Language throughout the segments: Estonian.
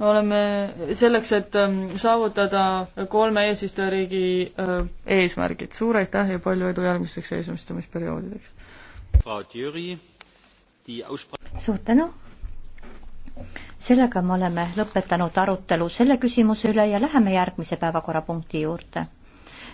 oleme selleks, et ähm, saavutada kolme eesistujariigi äh, eesmärgid. suur aitäh ja palju edu järgmisteks eesistumisperioodideks! suur tänu! sellega me oleme lõpetanud arutelu selle küsimuse üle ja läheme järgmise päevakorrapunkti juurde.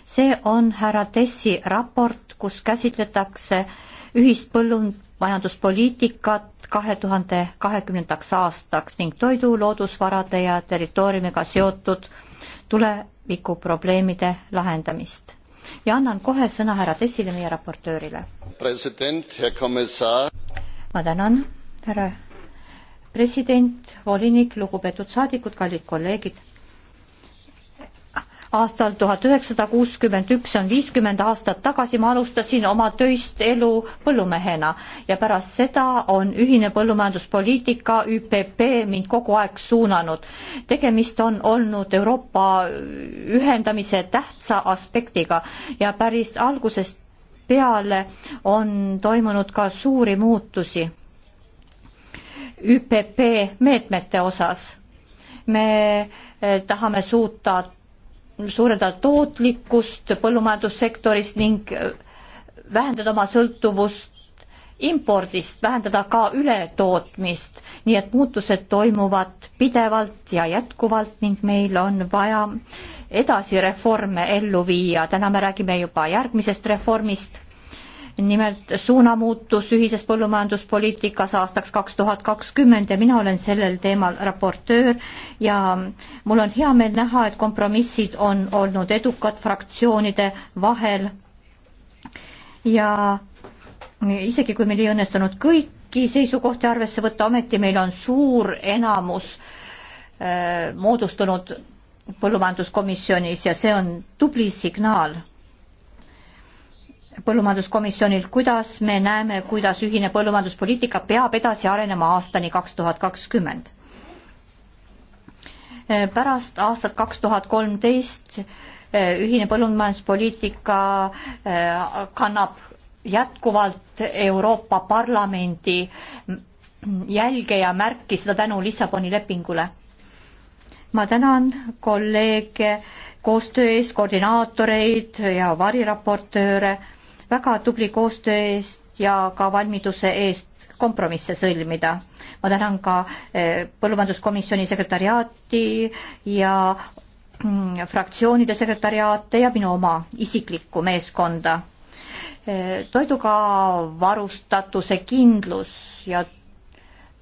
see on härra Tessi raport, kus käsitletakse ühist põllumajanduspoliitikat kahe tuhande kahekümnendaks aastaks ning toidu, loodusvarade ja territooriumiga seotud tulevikuprobleemide lahendamist. ja annan kohe sõna härra Tessile, meie raportöörile. ma tänan, härra president, volinik, lugupeetud saadikud, kallid kolleegid aastal tuhat üheksasada kuuskümmend üks, see on viiskümmend aastat tagasi, ma alustasin oma töist elu põllumehena ja pärast seda on ühine põllumajanduspoliitika, ÜPP, mind kogu aeg suunanud. tegemist on olnud Euroopa ühendamise tähtsa aspektiga ja päris algusest peale on toimunud ka suuri muutusi ÜPP meetmete osas. me eh, tahame suuta suurendada tootlikkust põllumajandussektoris ning äh, vähendada oma sõltuvust impordist, vähendada ka ületootmist, nii et muutused toimuvad pidevalt ja jätkuvalt ning meil on vaja edasi reforme ellu viia. täna me räägime juba järgmisest reformist nimelt suunamuutus ühises põllumajanduspoliitikas aastaks kaks tuhat kakskümmend ja mina olen sellel teemal raportöör ja mul on hea meel näha, et kompromissid on olnud edukad fraktsioonide vahel ja isegi kui meil ei õnnestunud kõiki seisukohti arvesse võtta, ometi meil on suur enamus äh, moodustunud põllumajanduskomisjonis ja see on tubli signaal põllumajanduskomisjonilt, kuidas me näeme, kuidas ühine põllumajanduspoliitika peab edasi arenema aastani kaks tuhat kakskümmend. pärast aastat kaks tuhat kolmteist eh, ühine põllumajanduspoliitika eh, kannab jätkuvalt Euroopa Parlamendi jälge ja märki, seda tänu Lissaboni lepingule. ma tänan kolleege koostöö eest, koordinaatoreid ja variraportööre väga tubli koostöö eest ja ka valmiduse eest kompromisse sõlmida. ma tänan ka eh, põllumajanduskomisjoni sekretariaati ja mm, fraktsioonide sekretariaate ja minu oma isiklikku meeskonda. Eh, toiduga varustatuse kindlus ja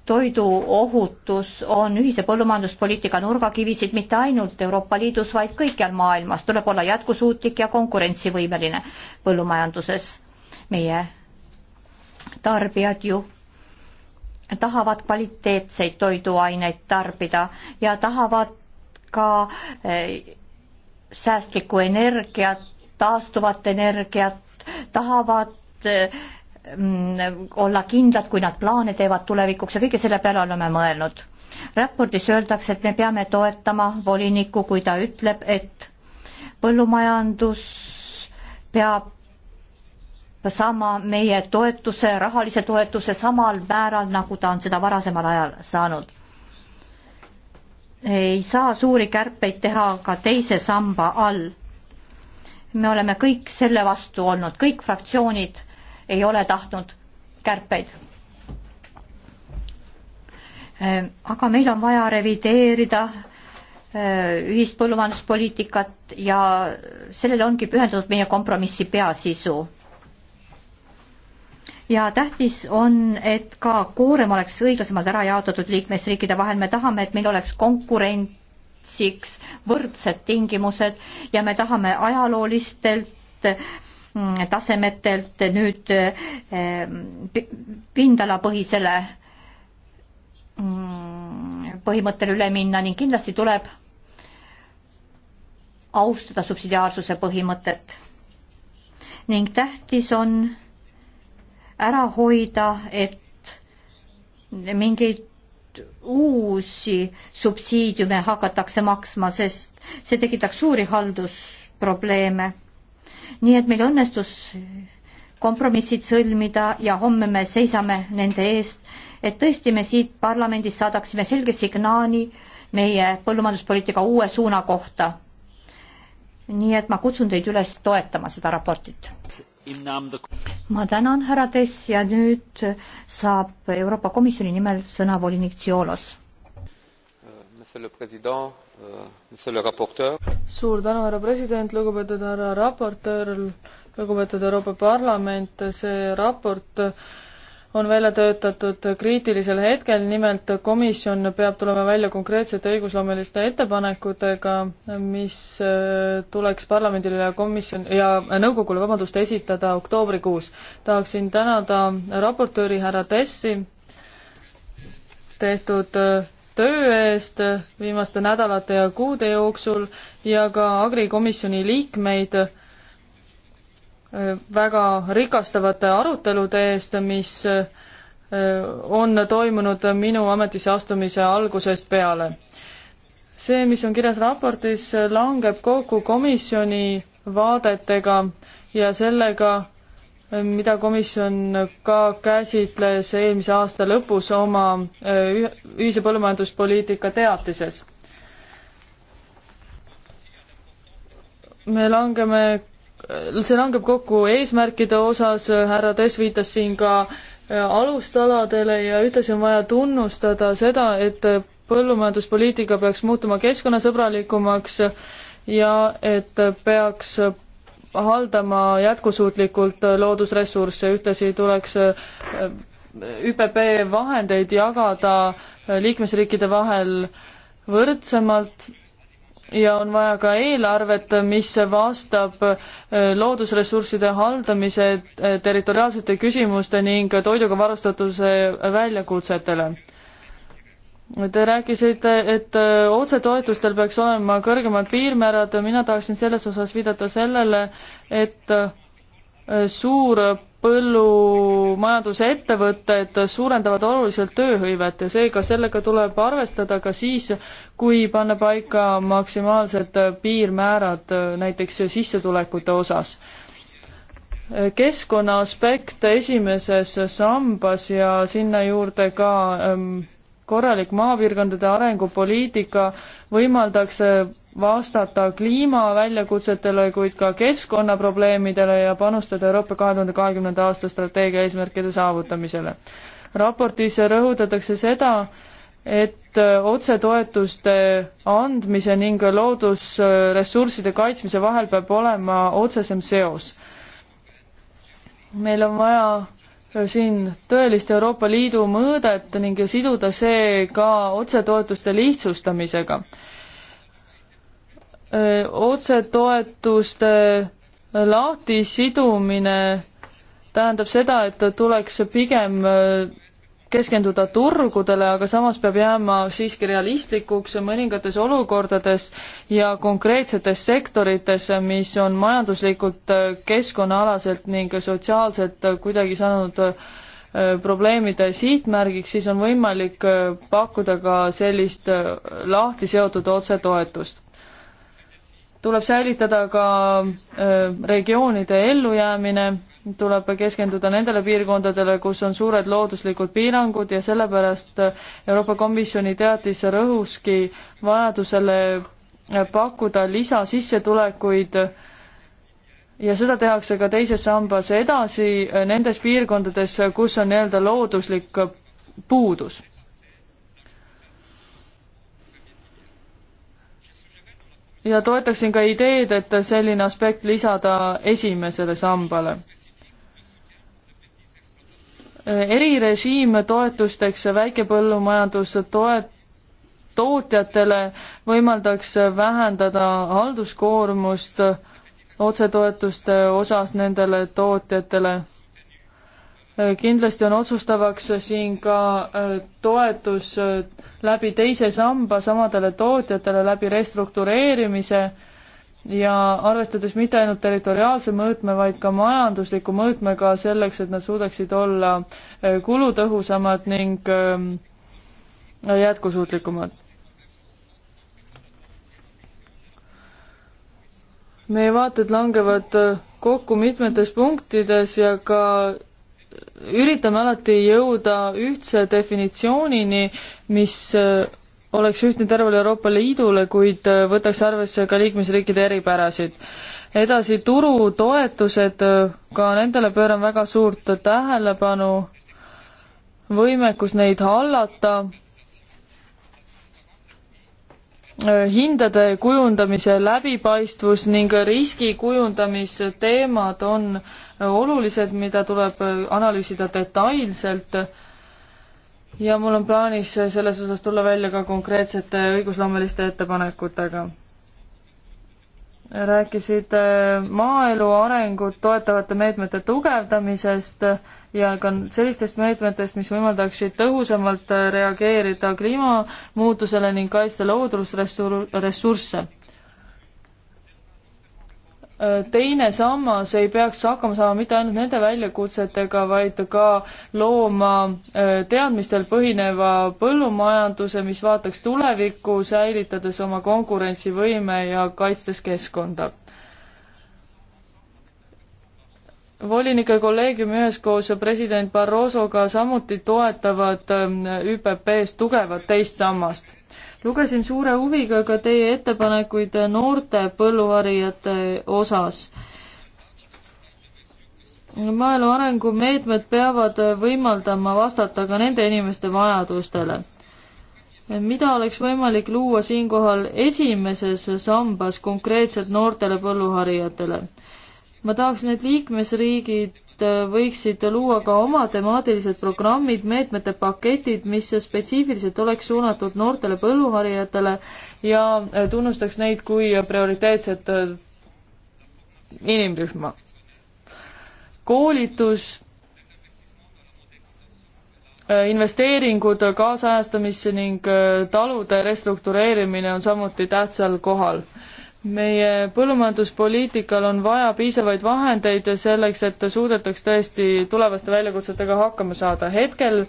toiduohutus on ühise põllumajanduspoliitika nurgakivisid mitte ainult Euroopa Liidus, vaid kõikjal maailmas. tuleb olla jätkusuutlik ja konkurentsivõimeline põllumajanduses. meie tarbijad ju tahavad kvaliteetseid toiduaineid tarbida ja tahavad ka eh, säästlikku energiat, taastuvat energiat, tahavad eh, Mm, olla kindlad, kui nad plaane teevad tulevikuks ja kõige selle peale oleme mõelnud. raportis öeldakse, et me peame toetama volinikku, kui ta ütleb, et põllumajandus peab saama meie toetuse, rahalise toetuse samal määral, nagu ta on seda varasemal ajal saanud. ei saa suuri kärpeid teha ka teise samba all. me oleme kõik selle vastu olnud, kõik fraktsioonid ei ole tahtnud kärpeid. Äh, aga meil on vaja revideerida äh, ühist põllumajanduspoliitikat ja sellele ongi pühendatud meie kompromissi peasisu. ja tähtis on, et ka koorem oleks õiglasemalt ära jaotatud liikmesriikide vahel, me tahame, et meil oleks konkurentsiks võrdsed tingimused ja me tahame ajaloolistelt Mm, tasemetelt nüüd eh, pindalapõhisele mm, põhimõttele üle minna ning kindlasti tuleb austada subsidiaarsuse põhimõtet. ning tähtis on ära hoida, et mingeid uusi subsiidiume hakatakse maksma, sest see tekitaks suuri haldusprobleeme nii et meil õnnestus kompromissid sõlmida ja homme me seisame nende eest, et tõesti me siit parlamendist saadaksime selge signaali meie põllumajanduspoliitika uue suuna kohta. nii et ma kutsun teid üles toetama seda raportit. ma tänan, härra Tess ja nüüd saab Euroopa Komisjoni nimel sõna volinik Tsiolos. Monsieur le Président, Euh, suur tänu, härra president, lugupeetud härra raportöör, lugupeetud Euroopa Parlament, see raport on välja töötatud kriitilisel hetkel, nimelt komisjon peab tulema välja konkreetsete õigusloomeliste ettepanekutega, mis äh, tuleks parlamendile ja komisjon ja nõukogule, vabandust, esitada oktoobrikuus. tahaksin tänada raportööri härra Tessi tehtud äh, töö eest viimaste nädalate ja kuude jooksul ja ka agrikomisjoni liikmeid äh, väga rikastavate arutelude eest, mis äh, on toimunud minu ametisse astumise algusest peale. see, mis on kirjas raportis, langeb kokku komisjoni vaadetega ja sellega, mida komisjon ka käsitles eelmise aasta lõpus oma eh, ühise põllumajanduspoliitika teatises. me langeme, see langeb kokku eesmärkide osas, härra Tess viitas siin ka eh, alustaladele ja ühtlasi on vaja tunnustada seda, et põllumajanduspoliitika peaks muutuma keskkonnasõbralikumaks ja et peaks haldama jätkusuutlikult loodusressursse, ühtlasi tuleks äh, ÜPP vahendeid jagada äh, liikmesriikide vahel võrdsemalt ja on vaja ka eelarvet, mis vastab äh, loodusressursside haldamise territoriaalsete küsimuste ning toiduga varustatuse väljakutsetele. Te rääkisite, et äh, otsetoetustel peaks olema kõrgemad piirmäärad, mina tahaksin selles osas viidata sellele, et äh, suur põllumajanduse ettevõtted suurendavad oluliselt tööhõivet ja seega sellega tuleb arvestada ka siis, kui panna paika maksimaalsed piirmäärad äh, näiteks sissetulekute osas. keskkonna aspekt esimeses sambas ja sinna juurde ka ähm, korralik maapiirkondade arengupoliitika võimaldaks vastata kliimaväljakutsetele, kuid ka keskkonnaprobleemidele ja panustada Euroopa kahe tuhande kahekümnenda aasta strateegia eesmärkide saavutamisele. raportis rõhutatakse seda, et otsetoetuste andmise ning loodusressursside kaitsmise vahel peab olema otsesem seos. meil on vaja siin tõelist Euroopa Liidu mõõdet ning siduda see ka otsetoetuste lihtsustamisega. otsetoetuste lahtisidumine tähendab seda, et tuleks pigem keskenduda turgudele, aga samas peab jääma siiski realistlikuks mõningates olukordades ja konkreetsetes sektorites, mis on majanduslikult, äh, keskkonnaalaselt ning sotsiaalselt kuidagi saanud äh, probleemide sihtmärgiks, siis on võimalik äh, pakkuda ka sellist lahti seotud otsetoetust. tuleb säilitada ka regioonide ellujäämine tuleb keskenduda nendele piirkondadele, kus on suured looduslikud piirangud ja sellepärast Euroopa Komisjoni teatis rõhuski vajadusele pakkuda lisasissetulekuid ja seda tehakse ka teises sambas edasi nendes piirkondades, kus on nii-öelda looduslik puudus ja toetaksin ka ideed, et selline aspekt lisada esimesele sambale erirežiim toetusteks väikepõllumajanduse toet-, tootjatele võimaldaks vähendada halduskoormust otsetoetuste osas nendele tootjatele. kindlasti on otsustavaks siin ka äh, toetus äh, läbi teise samba samadele tootjatele läbi restruktureerimise äh, ja arvestades mitte ainult territoriaalse mõõtme, vaid ka majandusliku mõõtmega selleks, et nad suudaksid olla äh, kulutõhusamad ning ähm, jätkusuutlikumad. meie vaated langevad äh, kokku mitmetes punktides ja ka üritame alati jõuda ühtse definitsioonini, mis äh, oleks ühtne tervele Euroopa Liidule, kuid äh, võtaks arvesse ka liikmesriikide eripärasid. edasi turutoetused, äh, ka nendele pööran väga suurt tähelepanu, võimekus neid hallata, äh, hindade kujundamise läbipaistvus ning riski kujundamise teemad on olulised, mida tuleb analüüsida detailselt ja mul on plaanis selles osas tulla välja ka konkreetsete õigusloomeliste ettepanekutega. rääkisid äh, maaelu arengut toetavate meetmete tugevdamisest ja ka sellistest meetmetest, mis võimaldaksid tõhusamalt äh, reageerida kliimamuutusele ning kaitsta loodusressursse teine sammas ei peaks hakkama saama mitte ainult nende väljakutsetega, vaid ka looma teadmistel põhineva põllumajanduse, mis vaataks tulevikku, säilitades oma konkurentsivõime ja kaitstes keskkonda. volinike kolleegium üheskoos president Barrosoga samuti toetavad ÜPP-s tugevat teist sammast lugesin suure huviga ka teie ettepanekuid noorte põlluharijate osas. maaelu arengumeetmed peavad võimaldama vastata ka nende inimeste vajadustele. mida oleks võimalik luua siinkohal esimeses sambas konkreetselt noortele põlluharijatele? ma tahaks, et liikmesriigid Äh, võiksid luua ka oma temaatilised programmid, meetmete paketid, mis spetsiifiliselt oleks suunatud noortele põlluharijatele ja äh, tunnustaks neid kui prioriteetset äh, inimrühma. koolitus, investeeringud kaasajastamisse ning talude restruktureerimine on samuti tähtsal kohal meie põllumajanduspoliitikal on vaja piisavaid vahendeid selleks, et suudetaks tõesti tulevaste väljakutsetega hakkama saada. hetkel öö,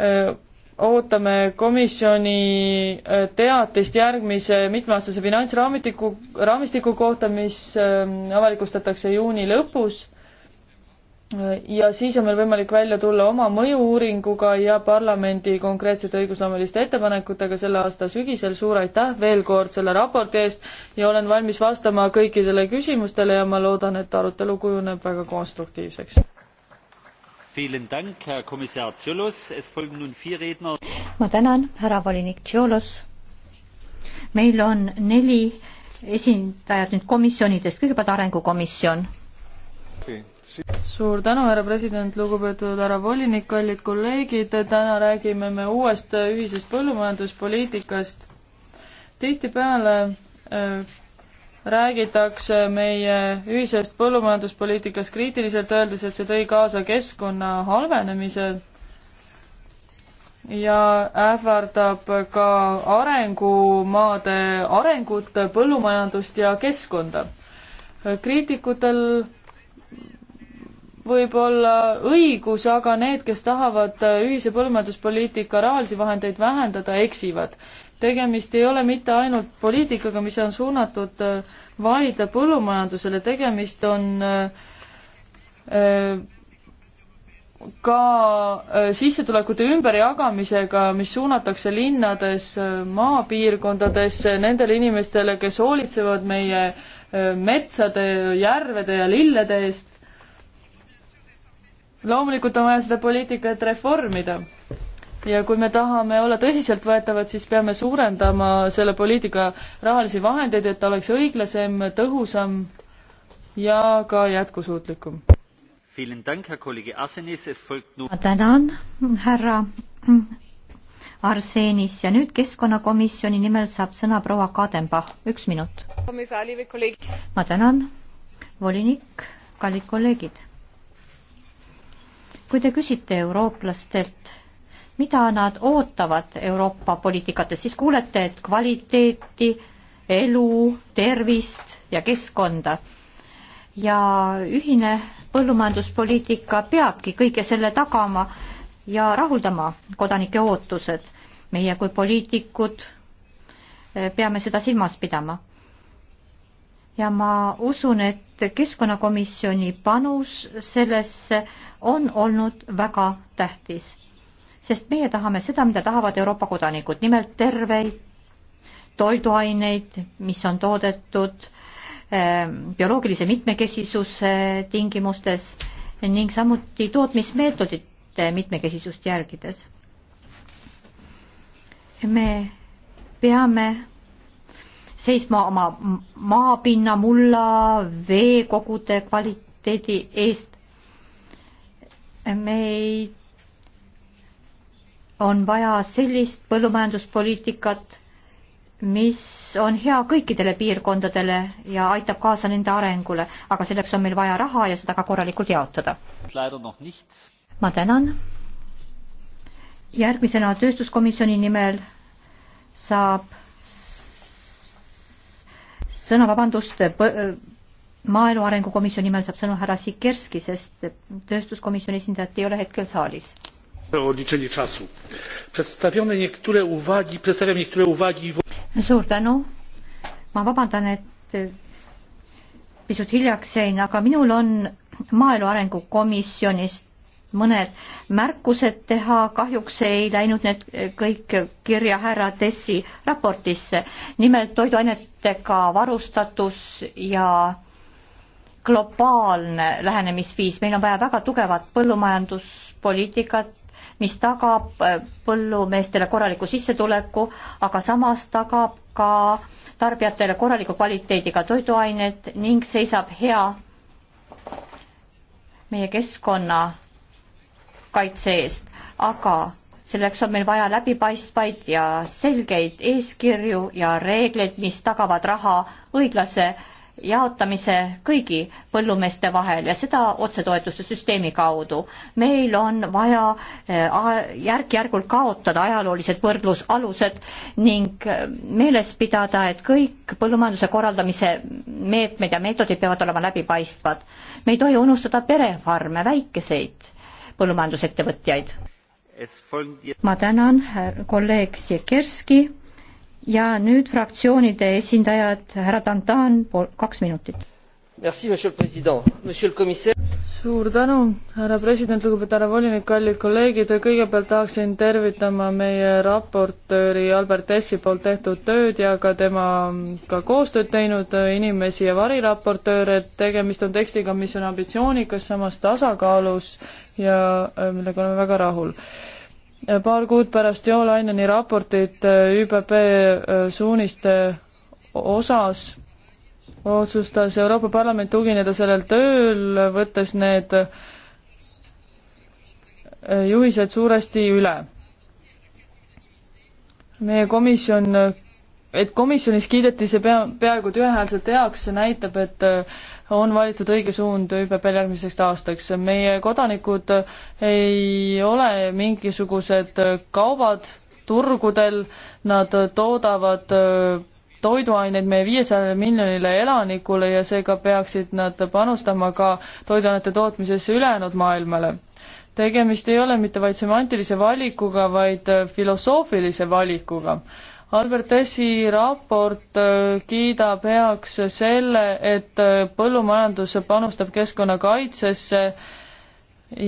äh, ootame komisjoni äh, teatist järgmise mitmeaastase finantsraamistiku, raamistiku kohta, mis öö, äh, avalikustatakse juuni lõpus ja siis on meil võimalik välja tulla oma mõju-uuringuga ja parlamendi konkreetsete õigusloomeliste ettepanekutega selle aasta sügisel. suur aitäh veel kord selle raporti eest ja olen valmis vastama kõikidele küsimustele ja ma loodan, et arutelu kujuneb väga konstruktiivseks. ma tänan, härra volinik Tšolos. meil on neli esindajat nüüd komisjonidest, kõigepealt Arengukomisjon okay suur tänu, härra president, lugupeetud härra volinik, kallid kolleegid, täna räägime me uuest ühisest põllumajanduspoliitikast. tihtipeale äh, räägitakse meie ühisest põllumajanduspoliitikast kriitiliselt, öeldes, et see tõi kaasa keskkonna halvenemise ja ähvardab ka arengumaade arengut, põllumajandust ja keskkonda. kriitikutel võib-olla õigus, aga need, kes tahavad äh, ühise põllumajanduspoliitika rahalisi vahendeid vähendada, eksivad. tegemist ei ole mitte ainult poliitikaga, mis on suunatud äh, vaid põllumajandusele, tegemist on äh, ka sissetulekute ümberjagamisega, mis suunatakse linnades, maapiirkondadesse, nendele inimestele, kes hoolitsevad meie metsade, järvede ja lillede eest loomulikult on vaja seda poliitikat reformida ja kui me tahame olla tõsiseltvõetavad, siis peame suurendama selle poliitika rahalisi vahendeid, et ta oleks õiglasem, tõhusam ja ka jätkusuutlikum. ma tänan, härra Arsenis ja nüüd Keskkonnakomisjoni nimel saab sõna proua Kadenbach, üks minut. ma tänan, volinik, kallid kolleegid kui te küsite eurooplastelt, mida nad ootavad Euroopa poliitikates, siis kuulete, et kvaliteeti, elu, tervist ja keskkonda. ja ühine põllumajanduspoliitika peabki kõige selle tagama ja rahuldama kodanike ootused. meie kui poliitikud eh, peame seda silmas pidama. ja ma usun, et et keskkonnakomisjoni panus sellesse on olnud väga tähtis, sest meie tahame seda, mida tahavad Euroopa kodanikud, nimelt terveid toiduaineid, mis on toodetud ehm, bioloogilise mitmekesisuse tingimustes ning samuti tootmismeetodite mitmekesisust järgides. me peame seisma oma maapinna, mulla, veekogude kvaliteedi eest. meid on vaja sellist põllumajanduspoliitikat, mis on hea kõikidele piirkondadele ja aitab kaasa nende arengule, aga selleks on meil vaja raha ja seda ka korralikult jaotada. ma tänan. järgmisena tööstuskomisjoni nimel saab sõna, vabandust, äh, äh, maaelu arengukomisjoni nimel saab sõna härra Sikerski, sest tööstuskomisjoni esindajat ei ole hetkel saalis. suur tänu, ma vabandan, et e, pisut hiljaks jäin, aga minul on maaelu arengukomisjonist mõned märkused teha, kahjuks ei läinud need kõik kirja härra Tessi raportisse. nimelt toiduainetega varustatus ja globaalne lähenemisviis, meil on vaja väga tugevat põllumajanduspoliitikat, mis tagab põllumeestele korraliku sissetuleku, aga samas tagab ka tarbijatele korraliku kvaliteediga toiduained ning seisab hea meie keskkonna kaitse eest, aga selleks on meil vaja läbipaistvaid ja selgeid eeskirju ja reegleid, mis tagavad raha õiglase jaotamise kõigi põllumeeste vahel ja seda otsetoetuste süsteemi kaudu. meil on vaja eh, järk-järgult kaotada ajaloolised võrdlusalused ning eh, meeles pidada, et kõik põllumajanduse korraldamise meetmed ja meetodid peavad olema läbipaistvad. me ei tohi unustada perefarme, väikeseid põllumajandusettevõtjaid. ma tänan kolleeg Siekerski ja nüüd fraktsioonide esindajad, härra Dantan, kaks minutit. suur tänu, härra president, lugupeetud härra volinik, kallid kolleegid, kõigepealt tahaksin tervitama meie raportööri Albert Essi poolt tehtud tööd ja ka temaga koostööd teinud inimesi ja variraportööre, et tegemist on tekstiga, mis on ambitsioonikas, samas tasakaalus ja äh, millega oleme väga rahul äh, paar kuud pärast Jo Laineni raportit äh, ÜBB suuniste osas otsustas Euroopa Parlament tugineda sellel tööl, võttes need juhised suuresti üle. meie komisjon, et komisjonis kiideti see pea, peaaegu et ühehäälselt heaks, see näitab, et on valitud õige suund ÜPP-l järgmiseks aastaks. meie kodanikud ei ole mingisugused kaubad turgudel, nad toodavad äh, toiduaineid meie viiesajale miljonile elanikule ja seega peaksid nad panustama ka toiduainete tootmisesse ülejäänud maailmale. tegemist ei ole mitte vaid semantilise valikuga, vaid äh, filosoofilise valikuga. Albert Essi raport äh, kiidab heaks selle, et äh, põllumajandus panustab keskkonnakaitsesse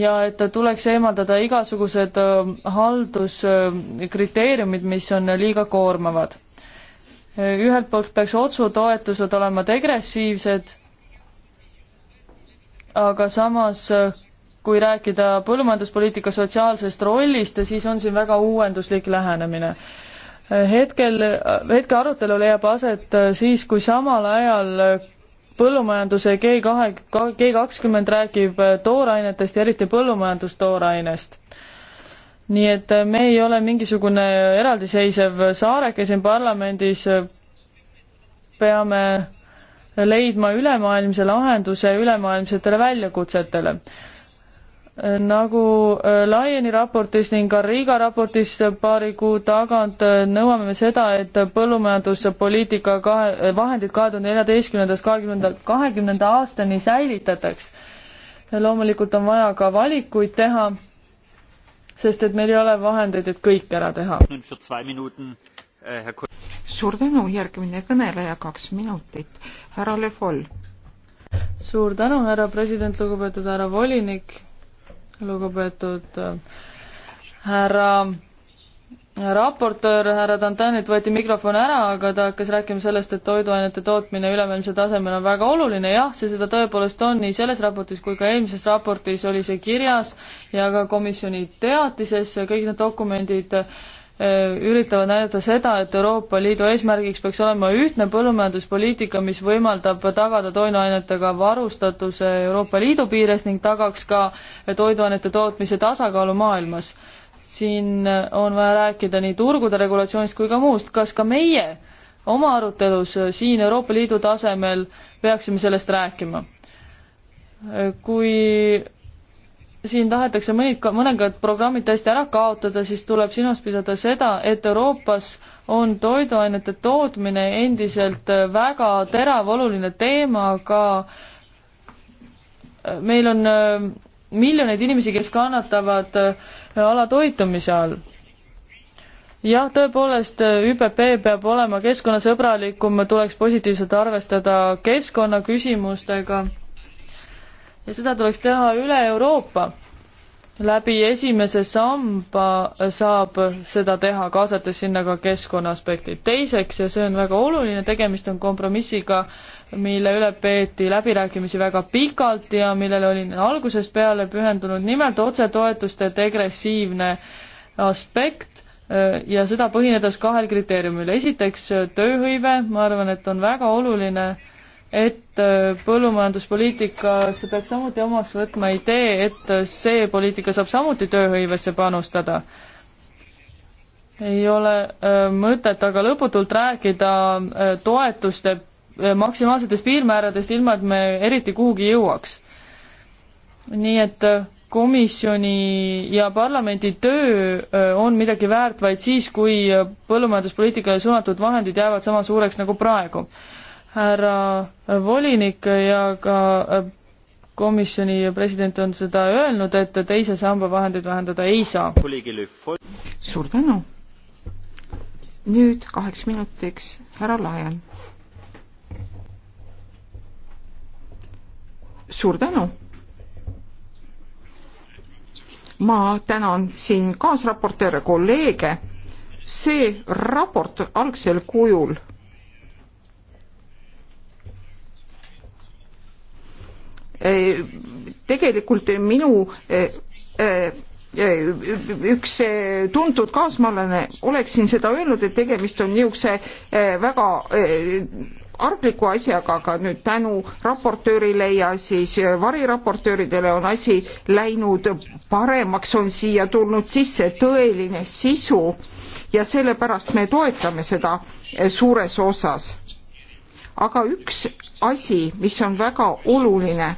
ja et tuleks eemaldada igasugused äh, halduskriteeriumid, mis on liiga koormavad. ühelt poolt peaks otsutoetused olema degressiivsed, aga samas kui rääkida põllumajanduspoliitika sotsiaalsest rollist, siis on siin väga uuenduslik lähenemine hetkel, hetke arutelu leiab aset äh, siis, kui samal ajal äh, põllumajanduse G kahe, G kakskümmend räägib äh, toorainetest ja eriti põllumajandustoorainest. nii et me ei ole mingisugune eraldiseisev saareke siin parlamendis, peame leidma ülemaailmse lahenduse ülemaailmsetele väljakutsetele nagu äh, Laieni raportis ning ka Riiga raportis paari kuu tagant äh, nõuame me seda, et põllumajanduspoliitika kahe, äh, vahendid kahe tuhande neljateistkümnendast kahekümnenda, kahekümnenda aastani säilitataks. loomulikult on vaja ka valikuid teha, sest et meil ei ole vahendeid, et kõik ära teha. suur tänu, järgmine kõneleja, kaks minutit, härra Le Foll. suur tänu, härra president, lugupeetud härra volinik lugupeetud äh, härra äh, raportöör härra Dantanilt võeti mikrofon ära, aga ta hakkas rääkima sellest, et toiduainete tootmine ülemaailmsel tasemel on väga oluline, jah, see seda tõepoolest on, nii selles raportis kui ka eelmises raportis oli see kirjas ja ka komisjoni teatises, kõik need dokumendid äh, Äh, üritavad näidata seda, et Euroopa Liidu eesmärgiks peaks olema ühtne põllumajanduspoliitika, mis võimaldab tagada toiduainetega varustatuse Euroopa Liidu piires ning tagaks ka toiduainete tootmise tasakaalu maailmas. siin on vaja rääkida nii turgude regulatsioonist kui ka muust, kas ka meie oma arutelus siin Euroopa Liidu tasemel peaksime sellest rääkima? Äh, kui siin tahetakse mõned, mõningad programmid täiesti ära kaotada, siis tuleb silmas pidada seda, et Euroopas on toiduainete tootmine endiselt väga terav oluline teema, aga äh, meil on äh, miljoneid inimesi, kes kannatavad äh, alatoitumise all jah, tõepoolest ÜPP peab olema keskkonnasõbralikum, tuleks positiivselt arvestada keskkonnaküsimustega ja seda tuleks teha üle Euroopa. läbi esimese samba saab seda teha, kaasates sinna ka keskkonna aspektid. teiseks, ja see on väga oluline, tegemist on kompromissiga, mille üle peeti läbirääkimisi väga pikalt ja millele olin algusest peale pühendunud, nimelt otsetoetuste degressiivne aspekt äh, ja seda põhinedes kahel kriteeriumil. esiteks tööhõive, ma arvan, et on väga oluline äh, et äh, põllumajanduspoliitikas peaks samuti omaks võtma idee, et see poliitika saab samuti tööhõivesse panustada. ei ole äh, mõtet aga lõputult rääkida äh, toetuste maksimaalsetest piirmääradest, ilma et me eriti kuhugi jõuaks. nii et komisjoni ja parlamendi töö on midagi väärt vaid siis, kui põllumajanduspoliitikale suunatud vahendid jäävad sama suureks nagu praegu härra volinik ja ka komisjoni president on seda öelnud, et teise samba vahendeid vähendada ei saa. suur tänu. nüüd kaheks minutiks härra Laen. suur tänu. ma tänan siin kaasraportööre, kolleege. see raport algsel kujul Eh, tegelikult minu eh, eh, üks tuntud kaasmaalane oleks siin seda öelnud, et tegemist on niisuguse väga argliku asjaga, aga nüüd tänu raportöörile ja siis variraportööridele on asi läinud paremaks, on siia tulnud sisse tõeline sisu ja sellepärast me toetame seda suures osas. aga üks asi, mis on väga oluline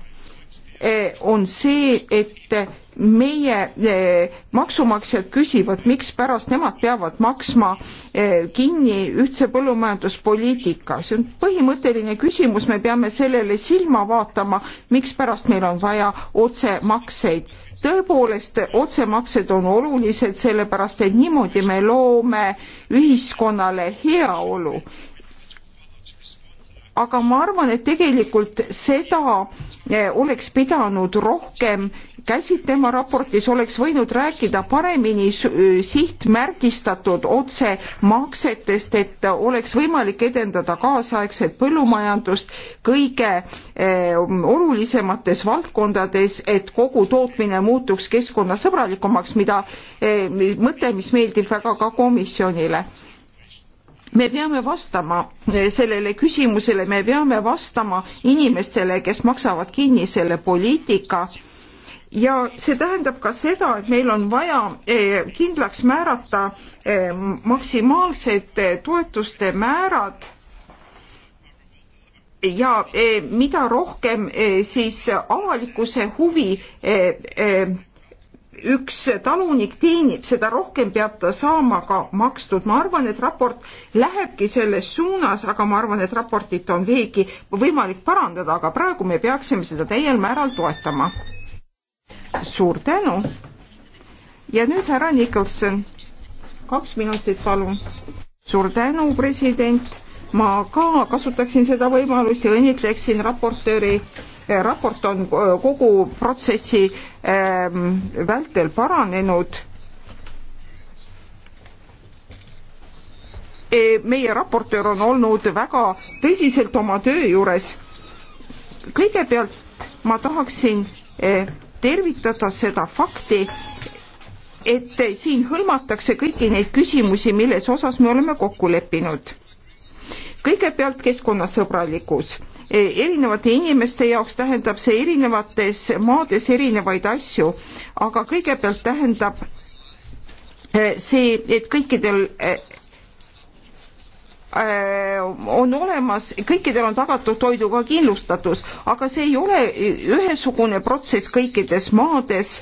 Eh, on see, et meie eh, maksumaksjad küsivad, mikspärast nemad peavad maksma eh, kinni ühtse põllumajanduspoliitika. see on põhimõtteline küsimus, me peame sellele silma vaatama, mikspärast meil on vaja otsemakseid. tõepoolest, otsemaksed on olulised, sellepärast et niimoodi me loome ühiskonnale heaolu aga ma arvan, et tegelikult seda eh, oleks pidanud rohkem käsitlema raportis, oleks võinud rääkida paremini eh, sihtmärgistatud otsemaksetest, et oleks võimalik edendada kaasaegset põllumajandust kõige eh, olulisemates valdkondades, et kogu tootmine muutuks keskkonnasõbralikumaks, mida eh,, mõte, mis meeldib väga ka komisjonile me peame vastama eh, sellele küsimusele, me peame vastama inimestele, kes maksavad kinni selle poliitika ja see tähendab ka seda, et meil on vaja eh, kindlaks määrata eh, maksimaalsed toetuste määrad ja mida rohkem siis avalikkuse huvi üks talunik teenib, seda rohkem peab ta saama ka makstud. ma arvan, et raport lähebki selles suunas, aga ma arvan, et raportit on veegi võimalik parandada, aga praegu me peaksime seda täiel määral toetama. suur tänu. ja nüüd härra Nicholson, kaks minutit, palun. suur tänu, president. ma ka kasutaksin seda võimalust ja õnnitleksin raportööri Eh, raport on eh, kogu protsessi ehm, vältel paranenud. Eh, meie raportöör on olnud väga tõsiselt oma töö juures. kõigepealt ma tahaksin tervitada seda fakti, et siin hõlmatakse kõiki neid küsimusi, milles osas me oleme kokku leppinud. kõigepealt keskkonnasõbralikkus Eh, erinevate inimeste jaoks tähendab see erinevates maades erinevaid asju, aga kõigepealt tähendab eh, see, et kõikidel eh, on olemas, kõikidel on tagatud toiduga kindlustatus, aga see ei ole ühesugune protsess kõikides maades.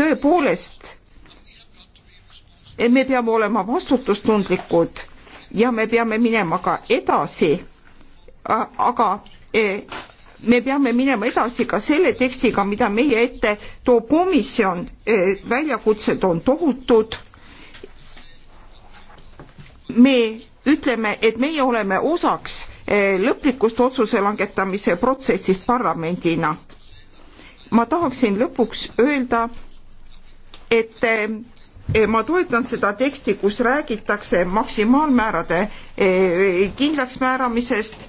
tõepoolest, me peame olema vastutustundlikud ja me peame minema ka edasi, aga e, me peame minema edasi ka selle tekstiga, mida meie ette toob komisjon, e, väljakutsed on tohutud, me ütleme, et meie oleme osaks e, lõplikust otsuse langetamise protsessist parlamendina. ma tahaksin lõpuks öelda, et Eh, ma toetan seda teksti, kus räägitakse maksimaalmäärade eh, kindlaksmääramisest.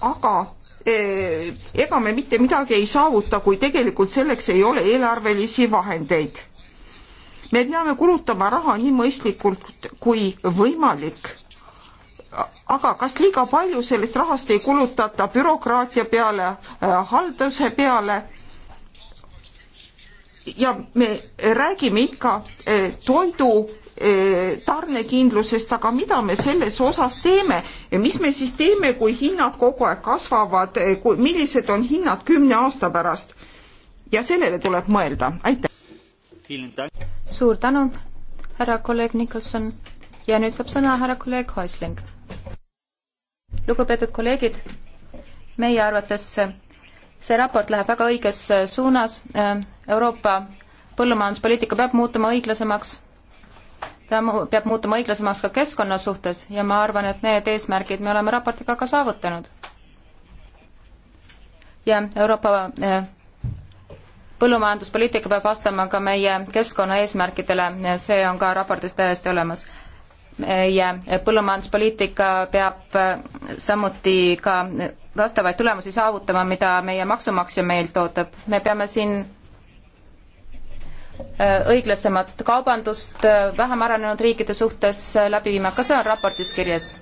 aga eh, ega me mitte midagi ei saavuta, kui tegelikult selleks ei ole eelarvelisi vahendeid. me peame kulutama raha nii mõistlikult kui võimalik. aga kas liiga palju sellest rahast ei kulutata bürokraatia peale, halduse peale? ja me räägime ikka eh, toidu eh, tarnekindlusest, aga mida me selles osas teeme ja mis me siis teeme, kui hinnad kogu aeg kasvavad, eh, millised on hinnad kümne aasta pärast? ja sellele tuleb mõelda, aitäh. suur tänu, härra kolleeg Nikolson ja nüüd saab sõna härra kolleeg Häusling. lugupeetud kolleegid, meie arvates see raport läheb väga õiges äh, suunas, äh, Euroopa põllumajanduspoliitika peab muutuma õiglasemaks, ta mu-, peab muutuma õiglasemaks ka keskkonna suhtes ja ma arvan, et need eesmärgid me oleme raportiga ka saavutanud. ja Euroopa äh, põllumajanduspoliitika peab vastama ka meie keskkonna eesmärkidele, see on ka raportis täiesti olemas meie põllumajanduspoliitika peab samuti ka vastavaid tulemusi saavutama, mida meie maksumaksja meilt ootab. me peame siin äh, õiglasemat kaubandust äh, vähem arenenud riikide suhtes äh, läbi viima, ka see on raportis kirjas.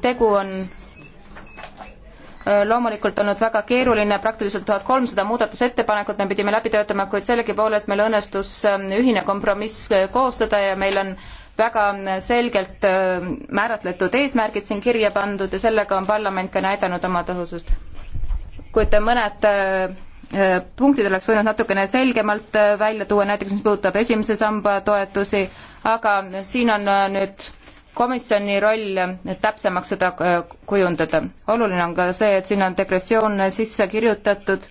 tegu on loomulikult olnud väga keeruline, praktiliselt tuhat kolmsada muudatusettepanekut me pidime läbi töötama, kuid sellegipoolest meil õnnestus ühine kompromiss koostada ja meil on äh, väga selgelt äh, määratletud eesmärgid siin kirja pandud ja sellega on parlament ka näidanud oma tõhusust. kuid mõned äh, äh, punktid oleks võinud natukene selgemalt välja tuua, näiteks mis puudutab esimese samba toetusi, aga siin on nüüd komisjoni roll täpsemaks seda kujundada. oluline on ka see, et siin on depressioon sisse kirjutatud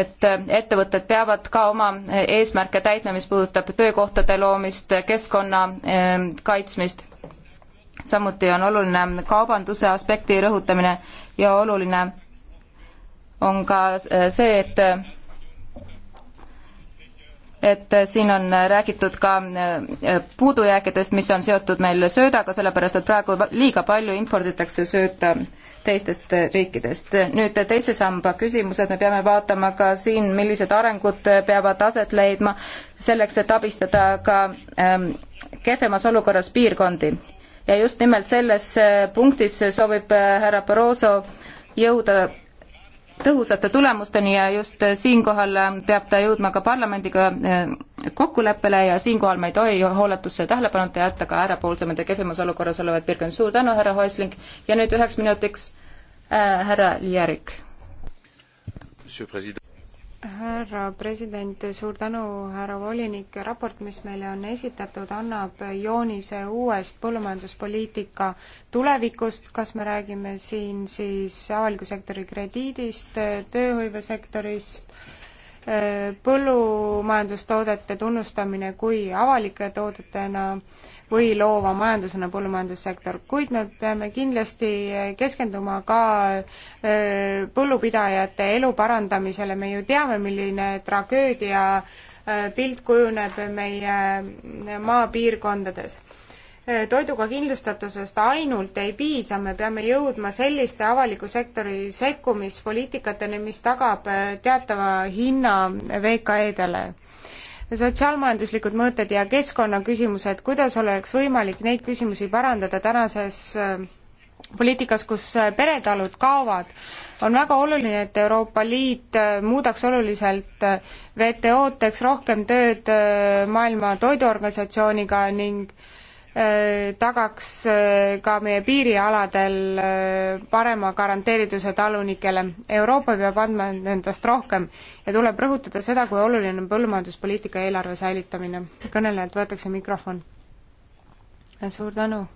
et ettevõtted peavad ka oma eesmärke täitma, mis puudutab töökohtade loomist, keskkonna ehm, kaitsmist. samuti on oluline kaubanduse aspekti rõhutamine ja oluline on ka eh, see, et et siin on räägitud ka äh, puudujääkidest, mis on seotud meil söödaga, sellepärast et praegu liiga palju imporditakse sööta teistest äh, riikidest. nüüd teise samba küsimused, me peame vaatama ka siin, millised arengud äh, peavad aset leidma selleks, et abistada ka ähm, kehvemas olukorras piirkondi. ja just nimelt selles punktis soovib härra Barroso jõuda tõhusate tulemusteni ja just siinkohal peab ta jõudma ka parlamendiga eh, kokkuleppele ja siinkohal me ei tohi hooletusse ja tähelepanuta jätta ka äärepoolsemad ja kehvemas olukorras olevad piirkond. suur tänu, härra Häusling ja nüüd üheks minutiks äh, härra Ljerik härra president, suur tänu, härra volinik, raport, mis meile on esitatud, annab joonise uuest põllumajanduspoliitika tulevikust, kas me räägime siin siis avaliku sektori krediidist, tööhõivesektorist, põllumajandustoodete tunnustamine kui avalike toodetena, või loova majandusena põllumajandussektor, kuid me peame kindlasti keskenduma ka põllupidajate elu parandamisele, me ju teame, milline tragöödia pilt kujuneb meie maapiirkondades toiduga kindlustatusest ainult ei piisa, me peame jõudma selliste avaliku sektori sekkumispoliitikateni, mis tagab teatava hinna VKE-dele sotsiaalmajanduslikud mõõted ja keskkonnaküsimused, kuidas oleks võimalik neid küsimusi parandada tänases äh, poliitikas, kus äh, peretalud kaovad, on väga oluline, et Euroopa Liit äh, muudaks oluliselt WTO-d, teeks rohkem tööd Maailma Toiduorganisatsiooniga ning äh, Äh, tagaks äh, ka meie piirialadel äh, parema garanteerituse talunikele. Euroopa peab andma endast rohkem ja tuleb rõhutada seda, kui oluline on põllumajanduspoliitika eelarve säilitamine. kõnelejalt võetakse mikrofon. suur tänu.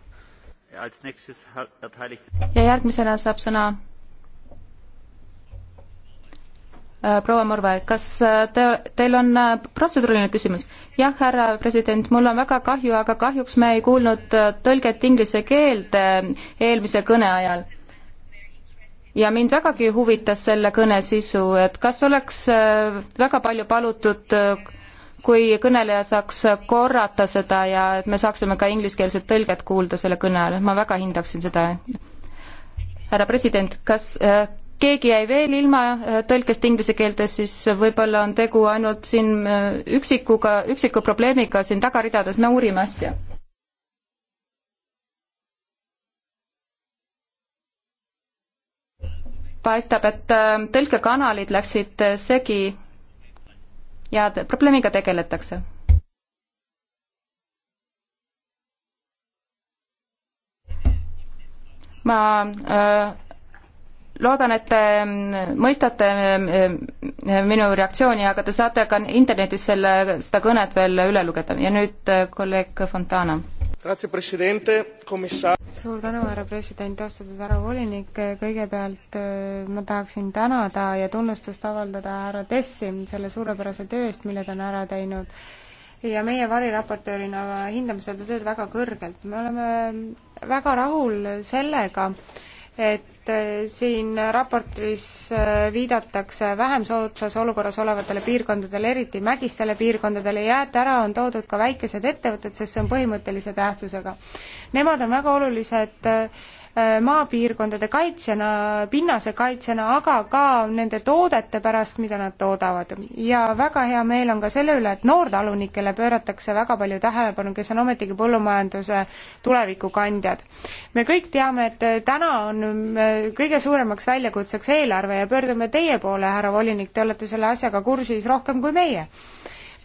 ja järgmisena saab sõna Äh, proua Murve, kas äh, te, teil on äh, protseduuriline küsimus? jah, härra president, mul on väga kahju, aga kahjuks me ei kuulnud tõlget inglise keelde eelmise kõne ajal. ja mind vägagi huvitas selle kõne sisu, et kas oleks väga palju palutud, kui kõneleja saaks korrata seda ja et me saaksime ka ingliskeelset tõlget kuulda selle kõne ajal, ma väga hindaksin seda härra president, kas keegi jäi veel ilma äh, tõlkest inglise keelde, siis võib-olla on tegu ainult siin äh, üksikuga, üksiku probleemiga siin tagaridades, me uurime asja. paistab, et äh, tõlkekanalid läksid segi ja probleemiga tegeletakse ma äh, loodan, et te mm, mõistate mm, minu reaktsiooni, aga te saate ka internetis selle, seda kõnet veel üle lugeda ja nüüd äh, kolleeg Fontana. suur tänu, härra president, austatud härra volinik, kõigepealt äh, ma tahaksin tänada ja tunnustust avaldada härra Tessi selle suurepärase töö eest, mille ta on ära teinud ja meie variraportöörina hindame seda tööd väga kõrgelt. me oleme väga rahul sellega, et et äh, siin raportis äh, viidatakse vähem soodsas olukorras olevatele piirkondadele, eriti mägistele piirkondadele, jääd ära on toodud ka väikesed ettevõtted, sest see on põhimõttelise tähtsusega. Nemad on väga olulised et äh, Äh, maapiirkondade kaitsjana, pinnase kaitsjana, aga ka nende toodete pärast, mida nad toodavad. ja väga hea meel on ka selle üle, et noortalunikele pööratakse väga palju tähelepanu, kes on ometigi põllumajanduse tulevikukandjad. me kõik teame, et äh, täna on äh, kõige suuremaks väljakutseks eelarve ja pöördume teie poole, härra volinik, te olete selle asjaga kursis rohkem kui meie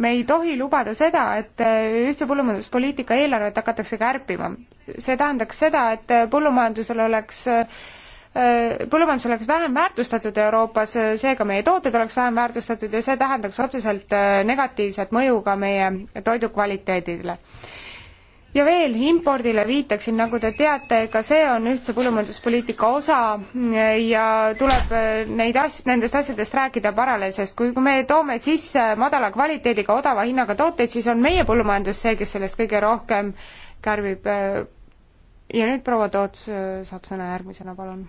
me ei tohi lubada seda, et äh, ühtse põllumajanduspoliitika eelarvet hakatakse kärpima. see tähendaks seda, et äh, põllumajandusel oleks äh, põllumajandus oleks vähem väärtustatud Euroopas, seega meie tooted oleks vähem väärtustatud ja see tähendaks otseselt negatiivset mõju ka meie toidukvaliteedile ja veel impordile viitaksin, nagu te teate, ka see on ühtse põllumajanduspoliitika osa ja tuleb neid as-, nendest asjadest rääkida paralleelselt, kui, kui me toome sisse madala kvaliteediga, odava hinnaga tooteid, siis on meie põllumajandus see, kes sellest kõige rohkem kärbib. ja nüüd proua Toots saab sõna järgmisena, palun.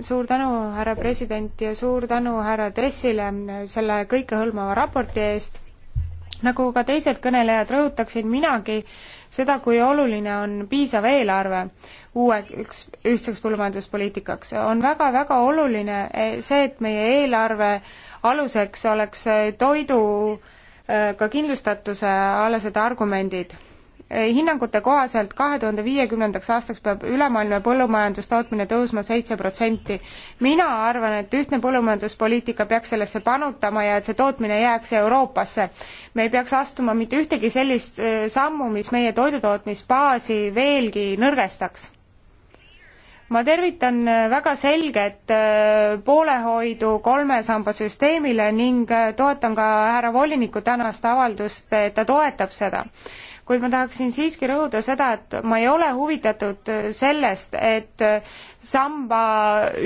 suur tänu, härra president ja suur tänu härra Tessile selle kõikehõlmava raporti eest nagu ka teised kõnelejad, rõhutaksin minagi seda, kui oluline on piisav eelarve uueks ühtseks põllumajanduspoliitikaks. on väga-väga oluline eh, see, et meie eelarve aluseks oleks eh, toidu eh, ka kindlustatuse alased argumendid hinnangute kohaselt kahe tuhande viiekümnendaks aastaks peab ülemaailmne põllumajandustootmine tõusma seitse protsenti. mina arvan, et ühtne põllumajanduspoliitika peaks sellesse panutama ja et see tootmine jääks Euroopasse. me ei peaks astuma mitte ühtegi sellist äh, sammu, mis meie toidutootmisbaasi veelgi nõrgestaks ma tervitan äh, väga selget äh, poolehoidu kolme samba süsteemile ning toetan ka härra voliniku tänast avaldust, et ta toetab seda kuid ma tahaksin siiski rõhuda seda, et ma ei ole huvitatud sellest, et samba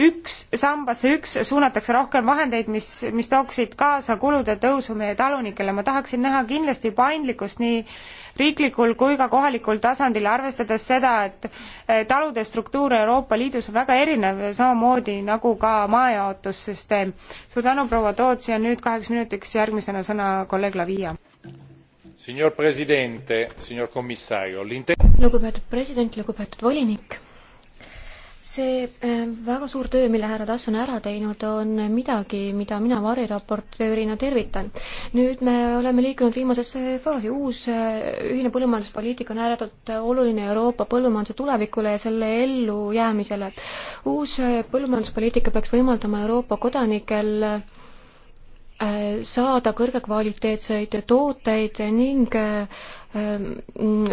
üks, sambasse üks suunatakse rohkem vahendeid, mis, mis tooksid kaasa kulude tõusu meie talunikele, ma tahaksin näha kindlasti paindlikkust nii riiklikul kui ka kohalikul tasandil, arvestades seda, et talude struktuur Euroopa Liidus on väga erinev, samamoodi nagu ka maajaotussüsteem. suur tänu, proua Toots ja nüüd kaheks minutiks järgmisena sõna kolleeg Lavia signor presidente signor commissario lugupeetud president lugupeetud volinik see äh, väga suur töö, mille härra Tass on ära teinud, on midagi, mida mina variraportöörina tervitan. nüüd me oleme liikunud viimasesse faasi, uus äh, ühine põllumajanduspoliitika on ääretult oluline Euroopa põllumajanduse tulevikule ja selle ellujäämisele. uus äh, põllumajanduspoliitika peaks võimaldama Euroopa kodanikel saada kõrgekvaliteetseid tooteid ning ähm,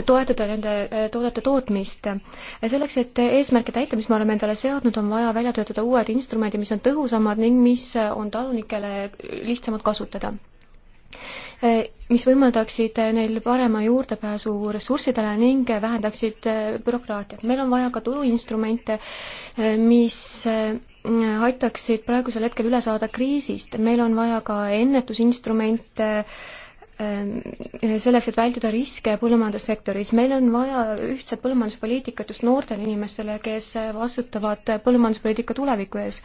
toetada nende äh, toodete tootmist. selleks, et eesmärke täita, mis me oleme endale seadnud, on vaja välja töötada uued instrumendid, mis on tõhusamad ning mis on talunikele lihtsamad kasutada mis võimaldaksid neil parema juurdepääsu ressurssidele ning vähendaksid äh, bürokraatiat. meil on vaja ka turuinstrumente, äh, mis äh, aitaksid praegusel hetkel üle saada kriisist, meil on vaja ka ennetusinstrumente, Ähm, selleks, et vältida riske põllumajandussektoris. meil on vaja ühtset põllumajanduspoliitikat just noortele inimestele, kes vastutavad põllumajanduspoliitika tuleviku ees.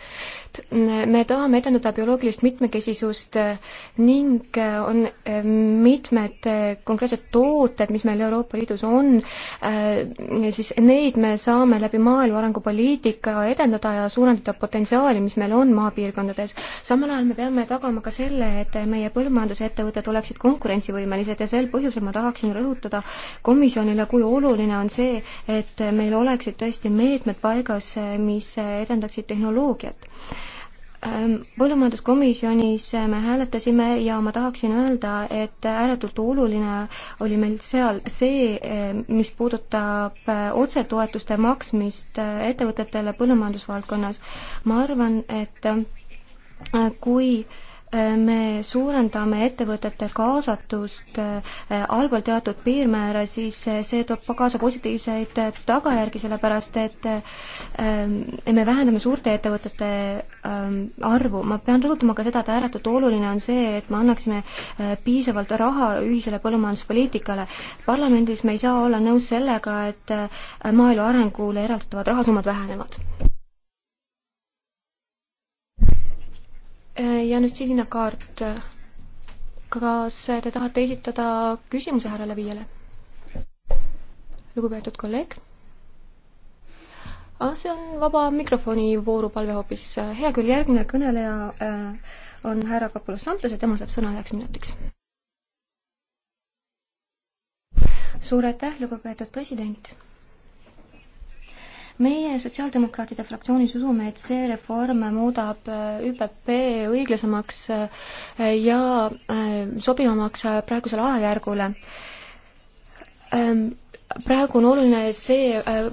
me tahame edendada bioloogilist mitmekesisust äh, ning äh, on äh, mitmed konkreetsed tooted, mis meil Euroopa Liidus on, siis neid me saame läbi maaelu arengupoliitika edendada ja suurendada potentsiaali, mis meil on maapiirkondades. samal ajal me peame tagama ka selle, et meie põllumajandusettevõtted oleksid konkurentsivõimelised konkurentsivõimelised ja sel põhjusel ma tahaksin rõhutada komisjonile, kui oluline on see, et meil oleksid tõesti meetmed paigas, mis edendaksid tehnoloogiat ehm, Põllumajanduskomisjonis me hääletasime ja ma tahaksin öelda, et ääretult oluline oli meil seal see, ehm, mis puudutab eh, otsetoetuste maksmist eh, ettevõtetele põllumajandusvaldkonnas. ma arvan, et eh, kui äh, me suurendame ettevõtete kaasatust eh, allpool teatud piirmäära, siis see toob kaasa positiivseid tagajärgi, sellepärast et eh, me vähendame suurte ettevõtete eh, arvu. ma pean rõhutama ka seda, et ääretult oluline on see, et me annaksime piisavalt raha ühisele põllumajanduspoliitikale. parlamendis me ei saa olla nõus sellega, et maaelu arengule eraldatavad rahasummad vähenevad. Eh, ja nüüd sinine kaart. kas te tahate esitada küsimuse härra Leviele? lugupeetud kolleeg ah,. see on vaba mikrofoni voorupalve hoopis. hea küll, järgmine kõneleja äh, on härra Kapolos Santos ja tema saab sõna üheks minutiks. suur aitäh, lugupeetud president meie Sotsiaaldemokraatide fraktsioonis usume, et see reform muudab äh, ÜPP õiglasemaks äh, ja äh, sobivamaks praegusele ajajärgule ähm, praegu on oluline see, äh,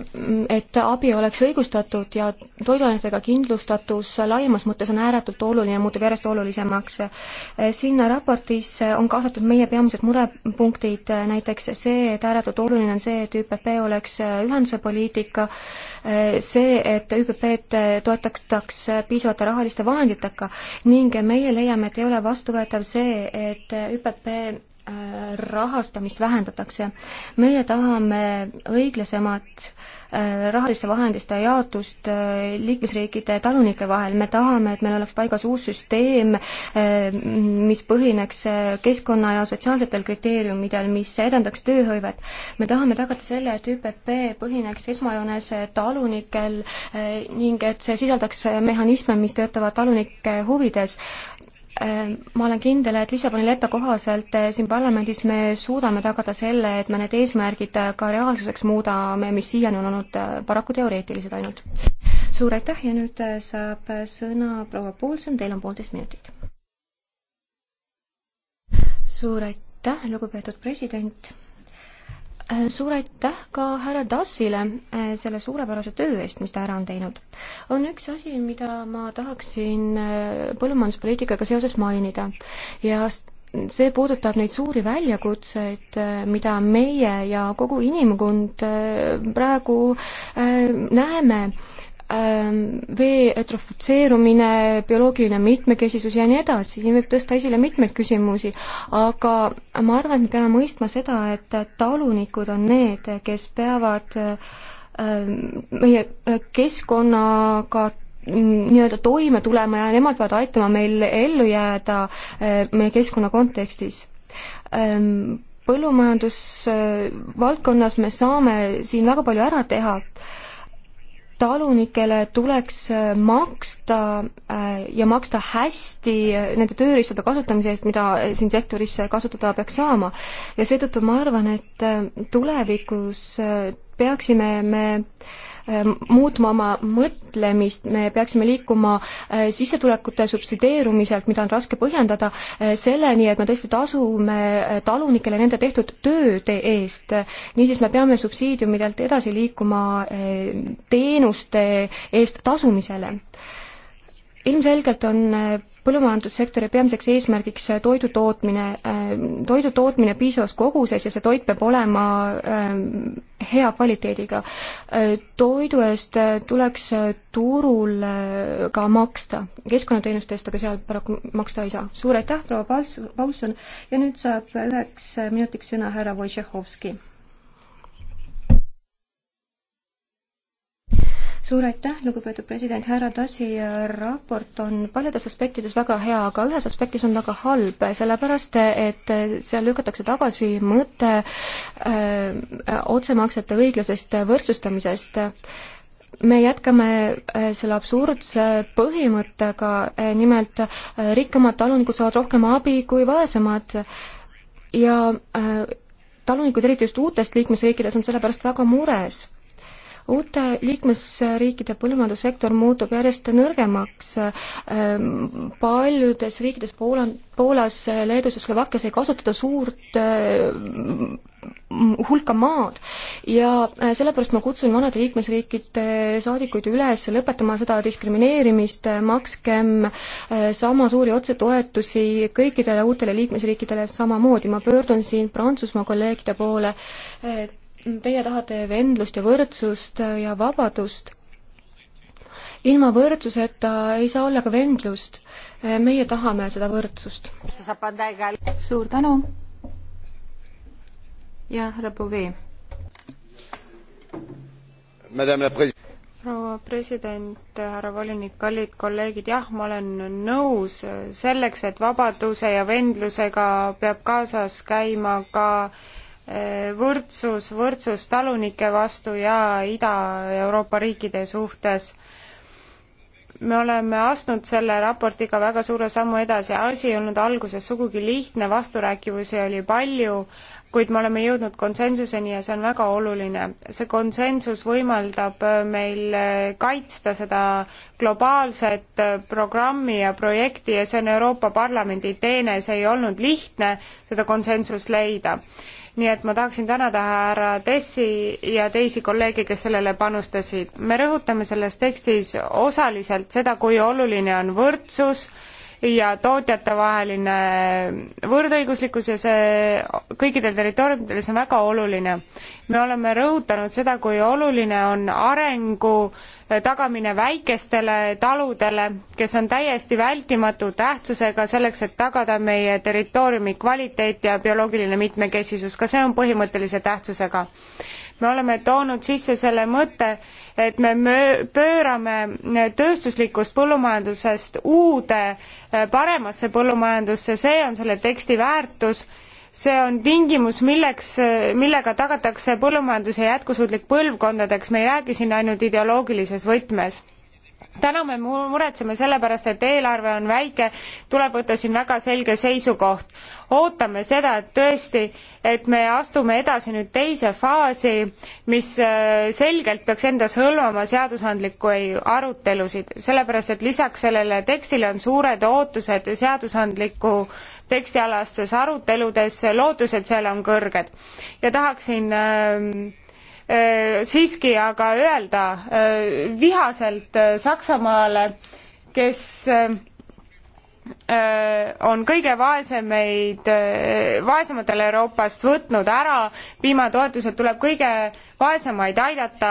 et abi oleks õigustatud ja toiduainetega kindlustatus laiemas mõttes on ääretult oluline, muutub järjest olulisemaks. Äh, sinna raportisse on kaasatud meie peamised murepunktid, äh, näiteks see, et ääretult oluline on see, et ÜPP oleks ühenduse poliitika, see, et ÜPP-d toetataks piisavate rahaliste vahenditega ning meie leiame, et ei ole vastuvõetav see, et ÜPP Äh, rahastamist vähendatakse. meie tahame õiglasemat äh, rahaliste vahendiste jaotust äh, liikmesriikide talunike vahel, me tahame, et meil oleks paigas uus süsteem, mis põhineks keskkonna ja sotsiaalsetel kriteeriumidel, mis edendaks tööhõivet. me tahame tagada selle, et ÜPP põhineks esmajoones talunikel ning et see sisaldaks mehhanisme, mis töötavad talunike huvides. Äh, ma olen kindel, et Lissaboni leppe kohaselt äh, siin parlamendis me suudame tagada selle, et me need eesmärgid äh, ka reaalsuseks muudame, mis siiani on olnud paraku teoreetilised ainult. suur aitäh ja nüüd saab sõna proua Poolsen, teil on poolteist minutit. suur aitäh, lugupeetud president Äh, suur aitäh ka härra Dassile äh, selle suurepärase töö eest, mis ta ära on teinud. on üks asi, mida ma tahaksin äh, põllumajanduspoliitikaga seoses mainida ja see puudutab neid suuri väljakutseid, mida meie ja kogu inimkond praegu näeme Ähm, vee eutrofitseerumine, bioloogiline mitmekesisus ja nii edasi, siin võib tõsta esile mitmeid küsimusi, aga ma arvan, et me peame mõistma seda, et talunikud on need, kes peavad ähm, meie keskkonnaga nii-öelda toime tulema ja nemad peavad aitama meil ellu jääda äh, meie keskkonna kontekstis ähm, põllumajandusvaldkonnas äh, me saame siin väga palju ära teha talunikele tuleks äh, maksta äh, ja maksta hästi äh, nende tööriistade kasutamise eest, mida siin sektoris kasutada peaks saama. ja seetõttu ma arvan, et tulevikus peaksime me äh, Ähm, muutma oma mõtlemist, me peaksime liikuma äh, sissetulekute subsideerumiselt, mida on raske põhjendada, äh, selleni, et me tõesti tasume äh, talunikele nende tehtud tööde eest. niisiis, me peame subsiidiumidelt edasi liikuma teenuste eest tasumisele ilmselgelt on äh, põllumajandussektori peamiseks eesmärgiks äh, toidu tootmine, äh, toidu tootmine piisavas koguses ja see toit peab olema hea kvaliteediga. toidu eest tuleks turul ka maksta, keskkonnateenuste eest aga seal paraku maksta ei saa. suur aitäh, proua Pauls-, Paulson ja nüüd saab üheks minutiks sõna härra Wojciechowski suur aitäh, lugupeetud president, härra Tassi raport on paljudes aspektides väga hea, aga ühes aspektis on väga halb, sellepärast et seal lükatakse tagasi mõte öö, äh, otsemaksete õiglasest võrdsustamisest me jätkame äh, selle absurdse põhimõttega, äh, nimelt rikkamad talunikud saavad rohkem abi kui vaesemad ja talunikud, eriti just uutest liikmesriikidest, on selle pärast väga mures uute liikmesriikide põllumajandussektor muutub järjest nõrgemaks. Ähm, paljudes riikides, Poola, Poolas, Leedus ja Slovakkias ei kasutata suurt äh, hulka maad ja äh, sellepärast ma kutsun vanade liikmesriikide saadikuid üles lõpetama seda diskrimineerimist, äh, makskem sama suuri otsetoetusi kõikidele uutele liikmesriikidele samamoodi, ma pöördun siin Prantsusmaa kolleegide poole, et teie tahate vendlust ja võrdsust ja vabadust. ilma võrdsuseta ei saa olla ka vendlust. meie tahame seda võrdsust. suur tänu. ja härra Bouvet. proua president, härra volinik, kallid kolleegid, jah, ma olen nõus, selleks, et vabaduse ja vendlusega peab kaasas käima ka äh, võrdsus, võrdsus talunike vastu ja Ida-Euroopa riikide suhtes. me oleme astunud selle raportiga väga suure sammu edasi, asi ei olnud alguses sugugi lihtne, vasturääkivusi oli palju, kuid me oleme jõudnud konsensuseni ja see on väga oluline. see konsensus võimaldab meil kaitsta seda globaalset programmi ja projekti ja see on Euroopa Parlamendi teene, see ei olnud lihtne, seda konsensust leida nii et ma tahaksin tänada härra Tessi ja teisi kolleege, kes sellele panustasid. me rõhutame selles tekstis osaliselt seda, kui oluline on võrdsus, ja tootjate vaheline võrdõiguslikkus ja see kõikidel territooriumidel, see on väga oluline. me oleme rõhutanud seda, kui oluline on arengu tagamine väikestele taludele, kes on täiesti vältimatu tähtsusega selleks, et tagada meie territooriumi kvaliteet ja bioloogiline mitmekesisus, ka see on põhimõttelise tähtsusega me oleme toonud sisse selle mõtte, et me möö-, pöörame tööstuslikust põllumajandusest uude äh, paremasse põllumajandusse, see on selle teksti väärtus, see on tingimus, milleks, äh, millega tagatakse põllumajanduse jätkusuutlik põlvkondadeks, me ei räägi siin ainult ideoloogilises võtmes täna me muretseme selle pärast, et eelarve on väike, tuleb võtta siin väga selge seisukoht. ootame seda, et tõesti, et me astume edasi nüüd teise faasi, mis äh, selgelt peaks endas hõlmama seadusandlikku arutelusid, sellepärast et lisaks sellele tekstile on suured ootused seadusandliku tekstialastes aruteludes, lootused seal on kõrged. ja tahaksin äh, Äh, siiski aga öelda äh, vihaselt äh, Saksamaale, kes on kõige vaesemaid, vaesematele Euroopast võtnud ära, piimatoetused tuleb kõige vaesemaid aidata,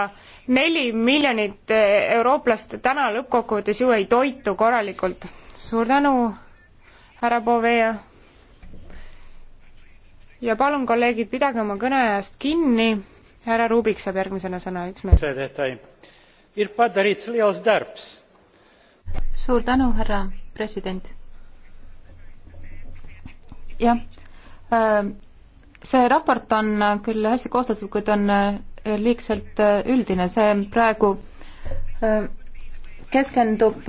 neli miljonit eurooplast täna lõppkokkuvõttes ju ei toitu korralikult. suur tänu, härra Bovee. ja palun, kolleegid, pidage oma kõne ajast kinni härra Rubik saab järgmisena sõna, üks minut. suur tänu, härra president. jah, ähm, see raport on küll hästi koostatud, kuid on äh, liigselt äh, üldine, see praegu ähm, keskendub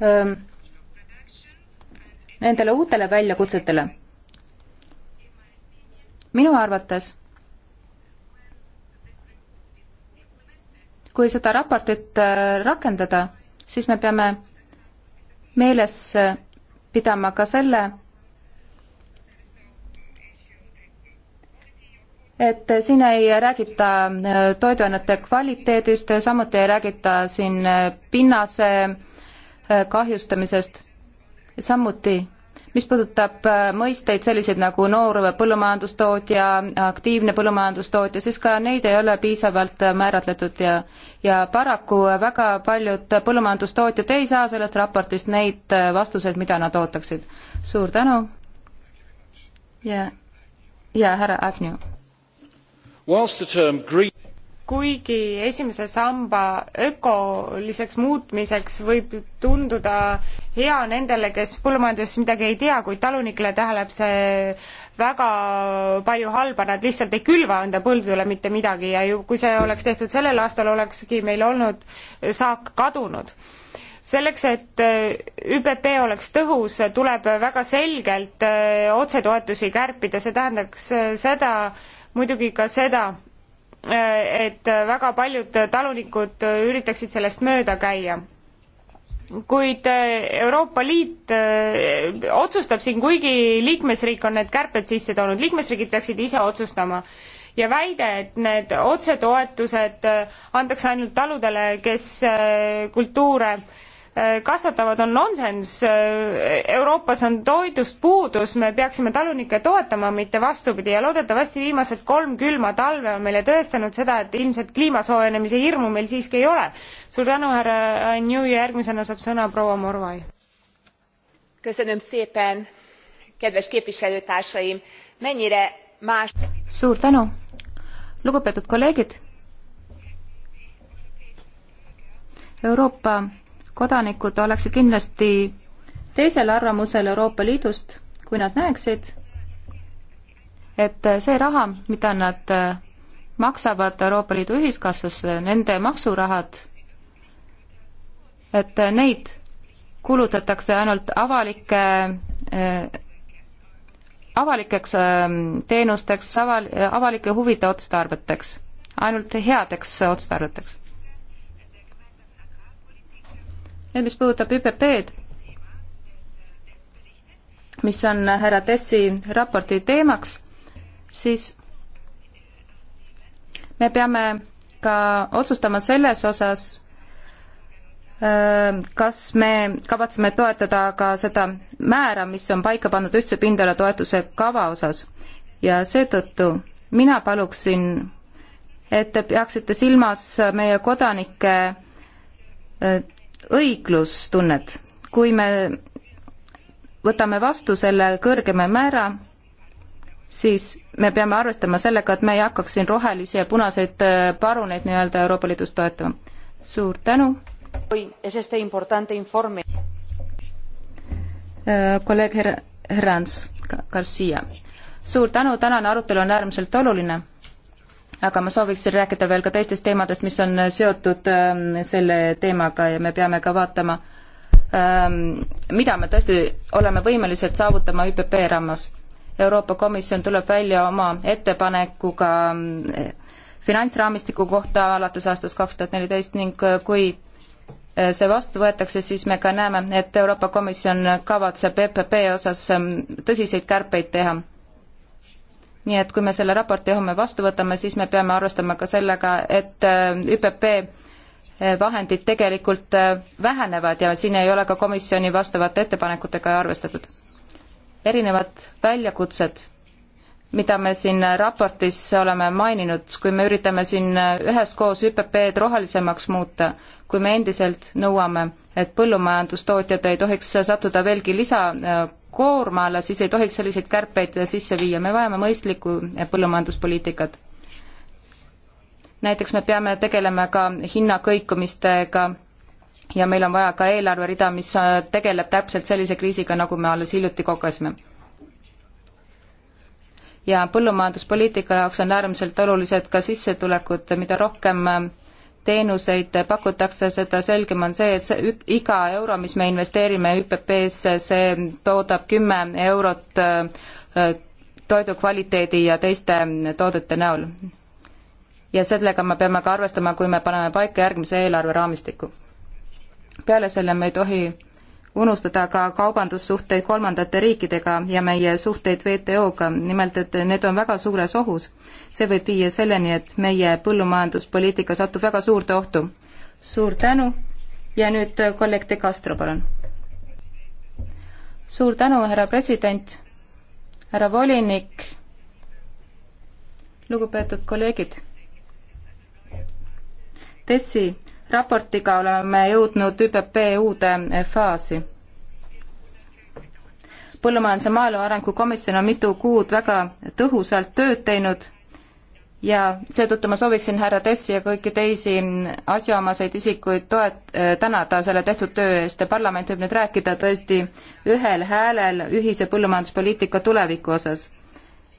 ähm, nendele uutele väljakutsetele minu arvates kui seda raportit äh, rakendada, siis me peame meeles äh, pidama ka selle, et siin ei räägita äh, toiduainete kvaliteedist, samuti ei räägita siin pinnase kahjustamisest, samuti mis puudutab äh, mõisteid selliseid nagu noor põllumajandustootja, aktiivne põllumajandustootja, siis ka neid ei ole piisavalt äh, määratletud ja ja paraku äh, väga paljud põllumajandustootjad ei saa sellest raportist neid vastuseid, mida nad ootaksid. suur tänu ja, ja härra Agnew. Whilst the term green kuigi esimese samba ökoliseks muutmiseks võib tunduda hea nendele, kes põllumajandusest midagi ei tea, kuid talunikele tähendab see väga palju halba, nad lihtsalt ei külva enda põldudele mitte midagi ja ju kui see oleks tehtud sellel aastal, olekski meil olnud saak kadunud selleks, et äh, ÜPP oleks tõhus, tuleb väga selgelt äh, otsetoetusi kärpida, see tähendaks äh, seda, muidugi ka seda, Äh, et väga paljud talunikud üritaksid sellest mööda käia. kuid äh, Euroopa Liit äh, otsustab siin, kuigi liikmesriik on need kärped sisse toonud, liikmesriigid peaksid ise otsustama. ja väide, et need otsetoetused antakse ainult taludele, kes kultuure äh, Äh, kasvatavad, on nonsenss. Äh, Euroopas on toidust puudus, me peaksime talunikke toetama, mitte vastupidi ja loodetavasti viimased kolm külma talve on meile tõestanud seda, et ilmselt kliima soojenemise hirmu meil siiski ei ole. suur tänu, härra Anju ja järgmisena saab sõna proua Morvai. suur tänu, lugupeetud kolleegid. Euroopa kodanikud oleksid kindlasti teisel arvamusel Euroopa Liidust, kui nad näeksid, et see raha, mida nad äh, maksavad Euroopa Liidu ühiskassasse, nende maksurahad, et neid kulutatakse ainult avalike äh, avalikeks ähm, teenusteks, aval-, avalike huvide otstarveteks, ainult headeks otstarveteks. nüüd, mis puudutab ÜPP-d, mis on härra Tessi raporti teemaks, siis me peame ka otsustama selles osas, äh, kas me kavatseme toetada ka seda määra, mis on paika pannud ühtse pindala toetuse kava osas ja seetõttu mina paluksin, et te peaksite silmas meie kodanike äh, õiglustunnet. kui me võtame vastu selle kõrgema määra, siis me peame arvestama sellega, et me ei hakkaks siin rohelisi ja punaseid äh, paruneid nii-öelda Euroopa Liidus toetama. suur tänu! Äh, kolleeg Herr-, Herrans Garcia. suur tänu, tänane arutelu on äärmiselt oluline aga ma sooviksin rääkida veel ka teistest teemadest, mis on seotud ähm, selle teemaga ja me peame ka vaatama, ähm, mida me tõesti oleme võimelised saavutama ÜPP raames. Euroopa Komisjon tuleb välja oma ettepanekuga ähm, finantsraamistiku kohta alates aastast kaks tuhat neliteist ning äh, kui äh, see vastu võetakse, siis me ka näeme, et Euroopa Komisjon kavatseb EPP osas tõsiseid kärpeid teha nii et kui me selle raporti homme vastu võtame, siis me peame arvestama ka sellega, et äh, ÜPP äh, vahendid tegelikult äh, vähenevad ja siin ei ole ka komisjoni vastavate ettepanekutega arvestatud. erinevad väljakutsed, mida me siin raportis oleme maininud, kui me üritame siin üheskoos ÜPP-d rohelisemaks muuta, kui me endiselt nõuame, et põllumajandustootjad ei tohiks sattuda veelgi lisa koorma alla, siis ei tohiks selliseid kärpeid sisse viia, me vajame mõistlikku põllumajanduspoliitikat. näiteks me peame tegelema ka hinnakõikumistega ja meil on vaja ka eelarverida, mis tegeleb täpselt sellise kriisiga, nagu me alles hiljuti kogesime. ja põllumajanduspoliitika jaoks on äärmiselt olulised ka sissetulekud, mida rohkem teenuseid pakutakse, seda selgem on see, et see iga euro, mis me investeerime ÜPP-sse, see toodab kümme eurot äh, toidu kvaliteedi ja teiste toodete näol. ja sellega me peame ka arvestama, kui me paneme paika järgmise eelarveraamistiku. peale selle me ei tohi unustada ka kaubandussuhteid kolmandate riikidega ja meie suhteid WTO-ga, nimelt et need on väga suures ohus. see võib viia selleni, et meie põllumajanduspoliitika satub väga suurde ohtu. suur tänu ja nüüd kolleeg De Castro, palun. suur tänu, härra president, härra volinik, lugupeetud kolleegid. Tessi raportiga oleme jõudnud ÜPP uude faasi. põllumajandus- ja maaelu arengu komisjon on mitu kuud väga tõhusalt tööd teinud ja seetõttu ma sooviksin härra Tessi ja kõiki teisi asjaomaseid isikuid toet-, äh, tänada selle tehtud töö eest ja parlament võib nüüd rääkida tõesti ühel häälel ühise põllumajanduspoliitika tuleviku osas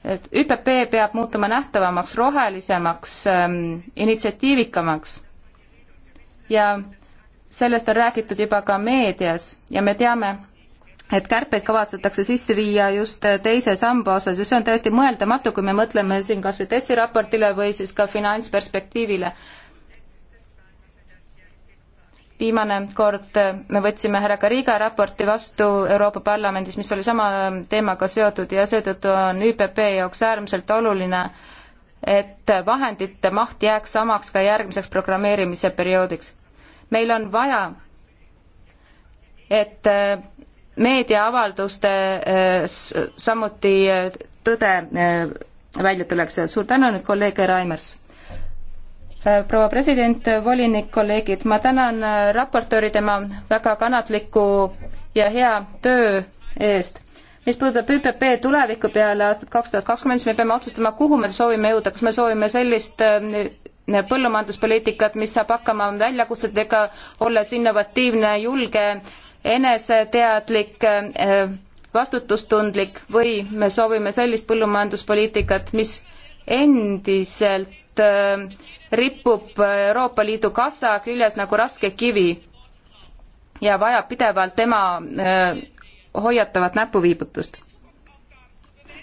et ÜPP peab muutuma nähtavamaks, rohelisemaks ähm,, initsiatiivikamaks ja sellest on räägitud juba ka meedias ja me teame, et kärpeid kavatsetakse sisse viia just teise samba osas ja see on täiesti mõeldamatu, kui me mõtleme siin kas või DES-i raportile või siis ka finantsperspektiivile. viimane kord me võtsime härra Kariga raporti vastu Euroopa Parlamendis, mis oli sama teemaga seotud ja seetõttu on ÜPP jaoks äärmiselt oluline, et vahendite maht jääks samaks ka järgmiseks programmeerimise perioodiks meil on vaja, et äh, meediaavaldustes äh, samuti äh, tõde välja tuleks. suur tänu nüüd kolleeg Raimers. proua president, volinik, kolleegid, ma tänan raportööri tema väga kannatliku ja hea töö eest. mis puudutab ÜPP tuleviku peale aastat kaks tuhat kakskümmend, siis me peame otsustama, kuhu me soovime jõuda, kas me soovime sellist põllumajanduspoliitikat, mis saab hakkama väljakutsetega, olles innovatiivne, julge, eneseteadlik, eh, vastutustundlik või me soovime sellist põllumajanduspoliitikat, mis endiselt eh, ripub Euroopa Liidu kassa küljes nagu raske kivi ja vajab pidevalt tema eh, hoiatavat näpuviibutust.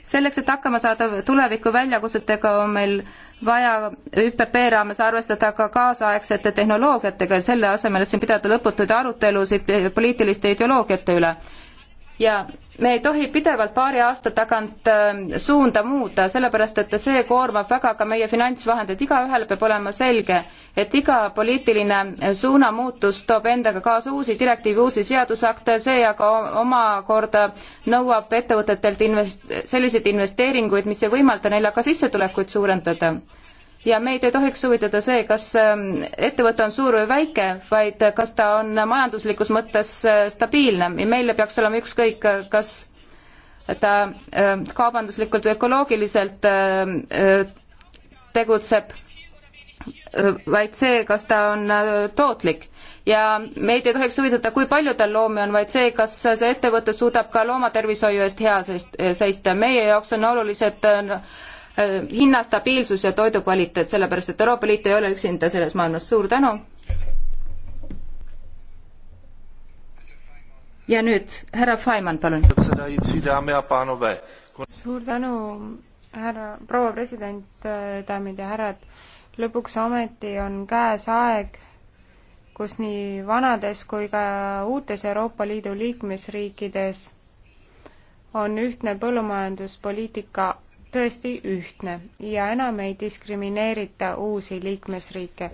selleks, et hakkama saada tuleviku väljakutsetega, on meil äh, vaja ÜPP raames arvestada ka kaasaegsete tehnoloogiatega ja selle asemel, et siin pidada lõputuid arutelusid poliitiliste ideoloogiate üle ja me ei tohi pidevalt paari aasta tagant ähm, suunda muuta, sellepärast et see koormab väga ka meie finantsvahendeid, igaühel peab olema selge, et iga poliitiline äh, suunamuutus toob endaga kaasa uusi direktiivi, uusi seadusakte, see aga omakorda nõuab ettevõtetelt invest-, selliseid investeeringuid, mis ei võimalda neil aga sissetulekuid suurendada ja meid ei tohiks huvitada see, kas ähm, ettevõte on suur või väike, vaid kas ta on majanduslikus mõttes äh, stabiilne ja meile peaks olema ükskõik, äh, kas ta ähm, kaubanduslikult või ökoloogiliselt ähm, äh, tegutseb, vaid see, kas ta on tootlik. ja meid ei tohiks huvitada, kui palju tal loomi on, vaid see, kas see ettevõte suudab ka loomatervishoiu eest hea seista. meie jaoks on olulised Äh, hinnastabiilsus ja toidukvaliteet, sellepärast et Euroopa Liit ei ole üksinda selles maailmas. suur tänu! ja nüüd härra Faimann, palun. suur tänu, härra, proua president, daamid ja härrad. lõpuks ometi on käes aeg, kus nii vanades kui ka uutes Euroopa Liidu liikmesriikides on ühtne põllumajanduspoliitika tõesti ühtne ja enam ei diskrimineerita uusi liikmesriike.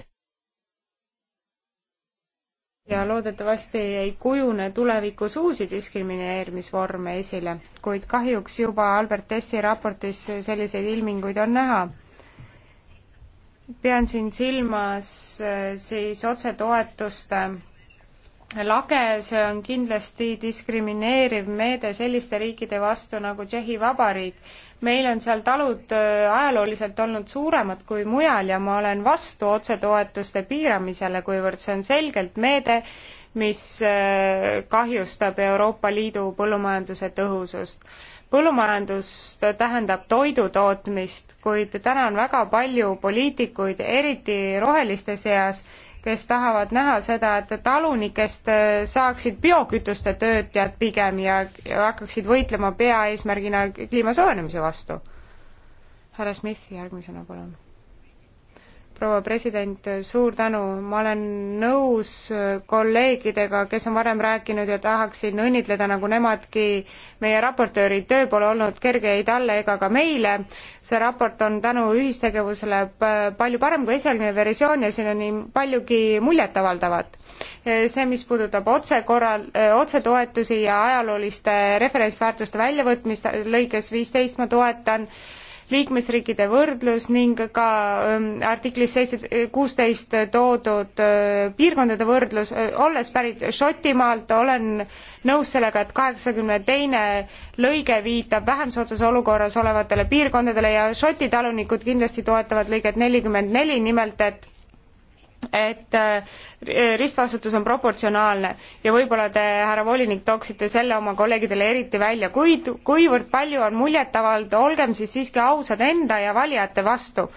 ja loodetavasti ei kujune tulevikus uusi diskrimineerimisvorme esile, kuid kahjuks juba Albert Tessi raportis selliseid ilminguid on näha pean siin silmas äh, siis otsetoetuste lage, see on kindlasti diskrimineeriv meede selliste riikide vastu nagu Tšehhi Vabariik. meil on seal talud äh, ajalooliselt olnud suuremad kui mujal ja ma olen vastu otsetoetuste piiramisele, kuivõrd see on selgelt meede, mis äh, kahjustab Euroopa Liidu põllumajanduse tõhusust. põllumajandus tähendab toidutootmist, kuid täna on väga palju poliitikuid, eriti roheliste seas, kes tahavad näha seda, et talunikest äh, saaksid biokütuste töötajad pigem ja, ja hakkaksid võitlema peaeesmärgina kliima soojenemise vastu. härra Smith, järgmisena palun proua president, suur tänu, ma olen nõus kolleegidega, kes on varem rääkinud ja tahaksin õnnitleda nagu nemadki meie raportööri, töö pole olnud kerge ei talle ega ka meile. see raport on tänu ühistegevusele palju parem kui esialgne versioon ja siin on nii paljugi muljetavaldavat. see, mis puudutab otsekorral, otsetoetusi ja ajalooliste referentsväärtuste väljavõtmist lõikes viisteist ma toetan liikmesriikide võrdlus ning ka ähm, artiklis seitse, kuusteist toodud äh, piirkondade võrdlus, äh, olles pärit Šotimaalt, olen nõus sellega, et kaheksakümne teine lõige viitab vähem soodsas olukorras olevatele piirkondadele ja Šoti talunikud kindlasti toetavad lõiget nelikümmend neli, nimelt et et äh, ristvastutus on proportsionaalne ja võib-olla te, härra volinik, tooksite selle oma kolleegidele eriti välja, kuid kuivõrd palju on muljetavald, olgem siis siiski ausad enda ja valijate vastu.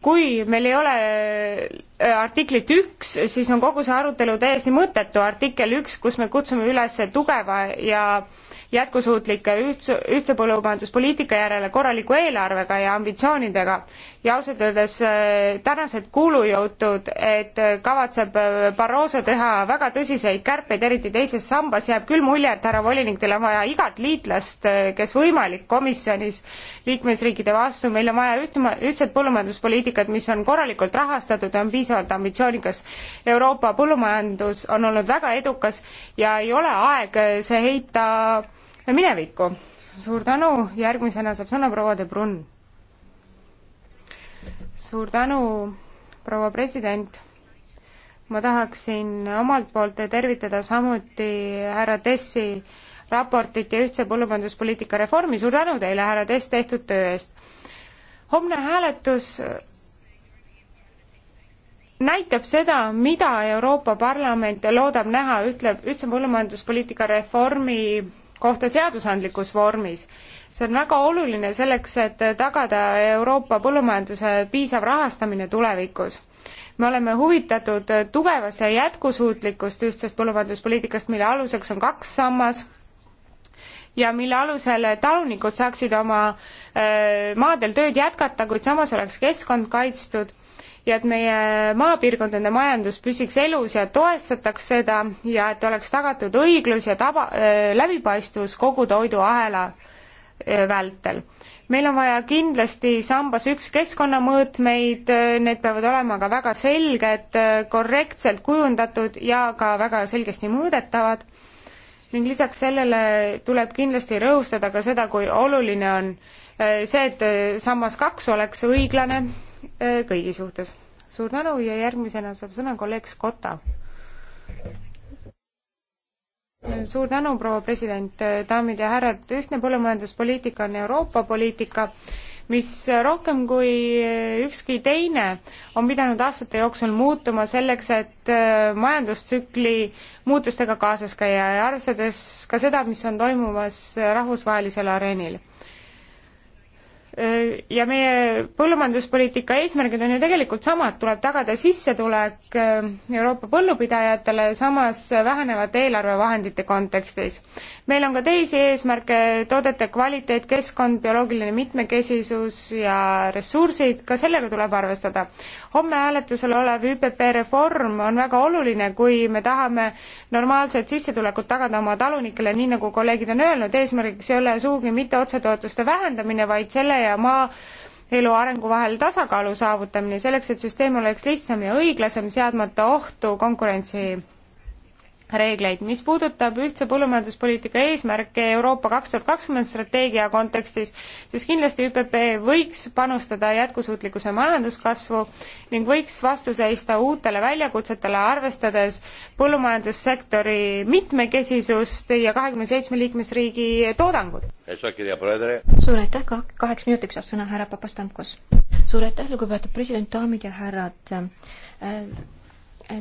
kui meil ei ole äh, artiklit üks, siis on kogu see arutelu täiesti mõttetu, artikkel üks, kus me kutsume üles tugeva ja äh, jätkusuutlike ühtse, ühtse põllumajanduspoliitika järele korraliku eelarvega ja ambitsioonidega ja ausalt öeldes äh, tänased kuulujutud, et äh, kavatseb äh, Barroso teha väga tõsiseid kärpeid, eriti teises sambas, jääb küll mulje, et härra volinik, teil on vaja igat liitlast, kes võimalik komisjonis liikmesriikide vastu, meil on vaja ühtma, ühtset põllumajanduspoliitikat, mis on korralikult rahastatud ja on piisavalt ambitsioonikas. Euroopa põllumajandus on olnud väga edukas ja ei ole aeg see heita minevikku. suur tänu, järgmisena saab sõna proua De Brun. suur tänu, proua president ma tahaksin omalt poolt tervitada samuti härra Tessi raportit ja ühtse põllumajanduspoliitika reformi, suur tänu teile, härra Tess, tehtud töö eest. homne hääletus näitab seda, mida Euroopa Parlament loodab näha, ütleb ühtse põllumajanduspoliitika reformi kohta seadusandlikus vormis. see on väga oluline selleks, et tagada Euroopa põllumajanduse piisav rahastamine tulevikus me oleme huvitatud tugevast ja jätkusuutlikust ühtsest põllumajanduspoliitikast, mille aluseks on kaks sammas ja mille alusel talunikud saaksid oma äh, maadel tööd jätkata, kuid samas oleks keskkond kaitstud ja et meie maapiirkondade majandus püsiks elus ja toestataks seda ja et oleks tagatud õiglus ja taba- äh,, läbipaistvus kogu toiduahela äh, vältel. meil on vaja kindlasti sambas üks keskkonnamõõtmeid, äh, need peavad olema ka väga selged, äh, korrektselt kujundatud ja ka väga selgesti mõõdetavad ning lisaks sellele tuleb kindlasti rõhustada ka seda, kui oluline on äh, see, et sammas kaks oleks õiglane Äh, kõigi suhtes. suur tänu ja järgmisena saab sõna kolleeg Skotta. suur tänu, proua president, daamid ja härrad, ühtne põllumajanduspoliitika on Euroopa poliitika, mis rohkem kui äh, ükski teine on pidanud aastate jooksul muutuma selleks, et äh, majandustsükli muutustega kaasas käia ja arvestades ka seda, mis on toimumas rahvusvahelisel areenil Äh, ja meie põllumajanduspoliitika eesmärgid on ju tegelikult samad, tuleb tagada sissetulek äh, Euroopa põllupidajatele, samas vähenevate eelarvevahendite kontekstis. meil on ka teisi eesmärke, toodete kvaliteet, keskkond, bioloogiline mitmekesisus ja ressursid, ka sellega tuleb arvestada. homme hääletusel olev ÜPP reform on väga oluline, kui me tahame normaalset sissetulekut tagada oma talunikele, nii nagu kolleegid on öelnud, eesmärgiks ei ole sugugi mitte otsetoetuste vähendamine, vaid selle mere ja maa elu arengu vahel tasakaalu saavutamine selleks, et süsteem oleks lihtsam ja õiglasem, seadmata ohtu konkurentsi reegleid. mis puudutab ühtse põllumajanduspoliitika eesmärke Euroopa kaks tuhat kakskümmend strateegia kontekstis, siis kindlasti ÜPP võiks panustada jätkusuutlikkuse majanduskasvu ning võiks vastu seista uutele väljakutsetele, arvestades põllumajandussektori mitmekesisust ja kahekümne seitsme liikmesriigi toodangut. suur aitäh, kaheks minutiks saab sõna härra Papastamkos. suur aitäh, lugupeetud president, daamid ja härrad äh,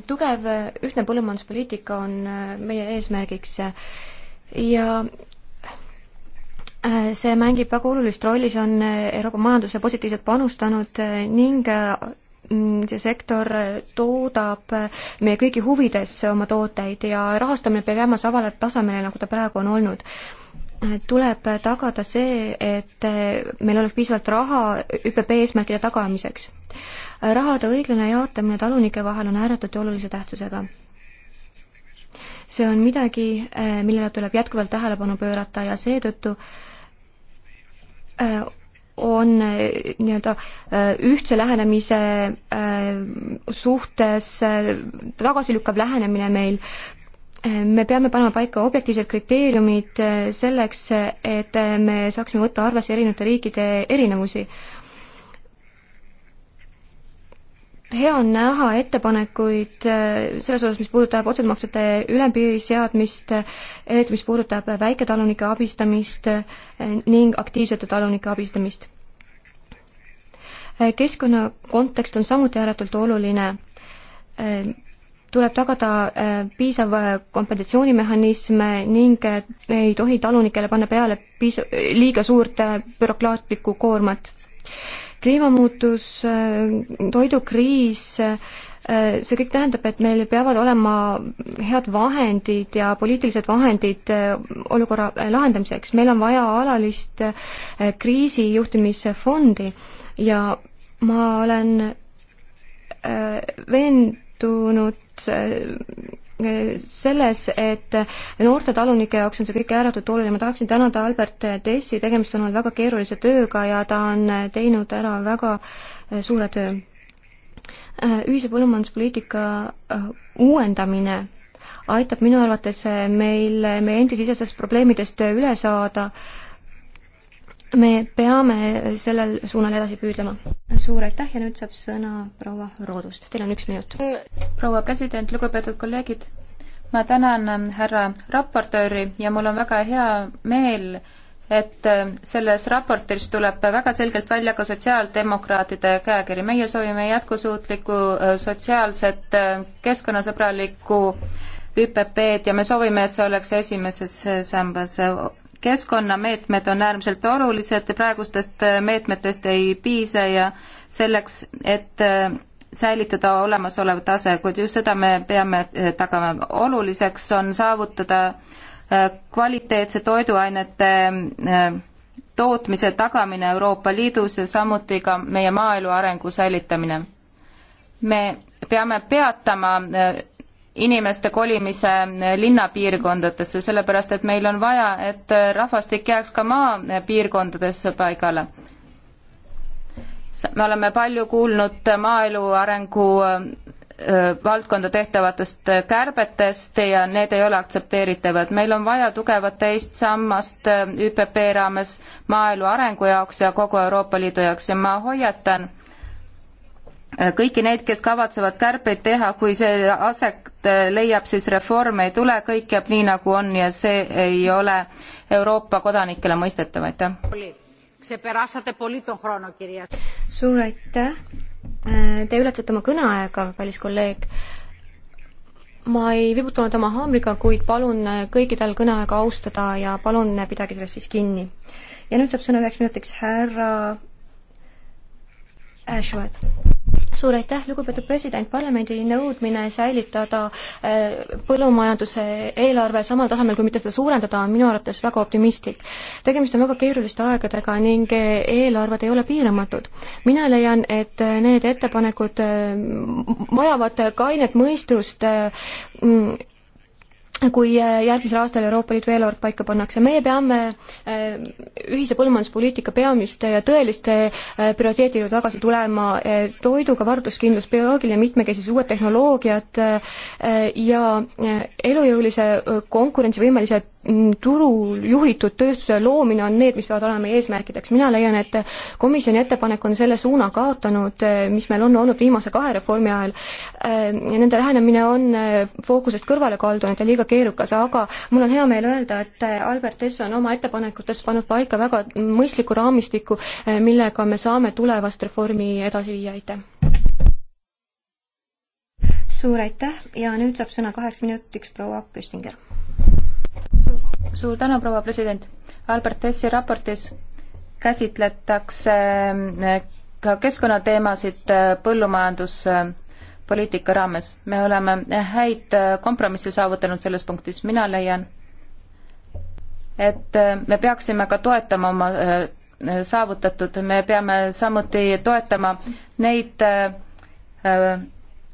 tugev ühtne põllumajanduspoliitika on äh, meie eesmärgiks ja äh, see mängib väga olulist rolli, see on äh, Euroopa majandusse positiivselt panustanud ning mm, see sektor toodab meie kõigi huvides oma tooteid ja rahastamine peab jääma samale tasemele, nagu ta praegu on olnud tuleb tagada see, et meil oleks piisavalt raha ÜPP eesmärkide tagamiseks rahade õiglane jaotamine talunike vahel on ääretult olulise tähtsusega see on midagi, eh, millele tuleb jätkuvalt tähelepanu pöörata ja seetõttu eh, on eh, nii-öelda ühtse lähenemise suhtes tagasilükkav lähenemine meil. me peame panema paika objektiivsed kriteeriumid selleks, et me saaksime võtta arvesse erinevate riikide erinevusi. hea on näha ettepanekuid äh, selles osas, mis puudutab otsemaksete ülempiiri seadmist, et mis puudutab väiketalunike abistamist äh, ning aktiivsete talunike abistamist. Äh, keskkonna kontekst on samuti ääretult oluline. tuleb tagada piisav kompensatsioonimehhanism ning ei tohi talunikele panna peale piis-, liiga suurt bürokraatlikku koormat kliimamuutus, toidukriis, see kõik tähendab, et meil peavad olema head vahendid ja poliitilised vahendid olukorra lahendamiseks. meil on vaja alalist kriisijuhtimisfondi ja ma olen veendunud selles, et noorte talunike jaoks on see kõik ääretult oluline, ma tahaksin tänada Albert Tessi, tegemist on olnud väga keerulise tööga ja ta on teinud ära väga äh, suure töö. Äh, ühise põllumajanduspoliitika äh, uuendamine aitab minu arvates meil meie endisisestest probleemidest üle saada äh, me peame sellel suunal edasi püüdlema. suur aitäh ja nüüd saab sõna proua Roodust, teil on üks minut. proua president, lugupeetud kolleegid, ma tänan ähm, härra raportööri ja mul on väga hea meel, et ähm, selles raportis tuleb väga selgelt välja ka sotsiaaldemokraatide käekiri. meie soovime jätkusuutlikku äh, sotsiaalset äh, keskkonnasõbralikku ÜPP-d ja me soovime, et see oleks esimeses äh, sambas keskkonnameetmed on äärmiselt olulised, praegustest meetmetest ei piisa ja selleks, et äh, säilitada olemasolev tase, kuid just seda me peame äh, tagama. oluliseks on saavutada äh, kvaliteetse toiduainete tootmise tagamine Euroopa Liidus ja samuti ka meie maaelu arengu säilitamine. me peame peatama inimeste kolimise linnapiirkondadesse, sellepärast et meil on vaja, et rahvastik jääks ka maapiirkondadesse paigale. me oleme palju kuulnud maaelu arengu valdkonda tehtavatest kärbetest ja need ei ole aktsepteeritavad. meil on vaja tugevat teist sammast ÜPP raames maaelu arengu jaoks ja kogu Euroopa Liidu jaoks ja ma hoiatan, kõiki neid, kes kavatsevad kärpeid teha, kui see aset äh, leiab, siis reform ei tule, kõik jääb nii, nagu on ja see ei ole Euroopa kodanikele mõistetav, aitäh. suur aitäh. Äh, te ületate oma kõneaega, kallis kolleeg ma ei vibutanud oma haamriga, kuid palun äh, kõikidel kõneaega austada ja palun pidage sellest siis kinni. ja nüüd saab sõna üheks minutiks härra Ashworth suur aitäh, lugupeetud president, parlamendi nõudmine säilitada äh, põllumajanduse eelarve samal tasemel, kui mitte seda suurendada, on minu arvates väga optimistlik. tegemist on väga keeruliste aegadega ning äh, eelarved ei ole piiramatud. mina leian, et äh, need ettepanekud vajavad kainet mõistust kui äh, järgmisel aastal Euroopa Liidu eelarvet paika pannakse, meie peame äh, ühise põllumajanduspoliitika peamiste ja äh, tõeliste prioriteetide juurde tagasi tulema, toiduga varustuskindlus, bioloogiline mitmekesisus, uued tehnoloogiad ja elujõulise konkurentsivõimelise Mm, turu juhitud tööstuse loomine on need, mis peavad olema meie eesmärkideks. mina leian, et komisjoni ettepanek on selle suuna kaotanud, eh, mis meil on olnud viimase kahe reformi ajal. Eh, nende lähenemine on eh, fookusest kõrvale kaldunud ja liiga keerukas, aga mul on hea meel öelda, et Albert Hess on oma ettepanekutes pannud paika väga mõistliku raamistiku, millega me saame tulevast reformi edasi viia, aitäh! suur aitäh ja nüüd saab sõna kaheks minutiks proua Köstinger suur tänu, proua president. Albert Tessi raportis käsitletakse eh, ka keskkonnateemasid eh, põllumajanduspoliitika raames. me oleme häid eh, kompromisse saavutanud selles punktis, mina leian, et me peaksime ka toetama oma saavutatud, me peame samuti toetama neid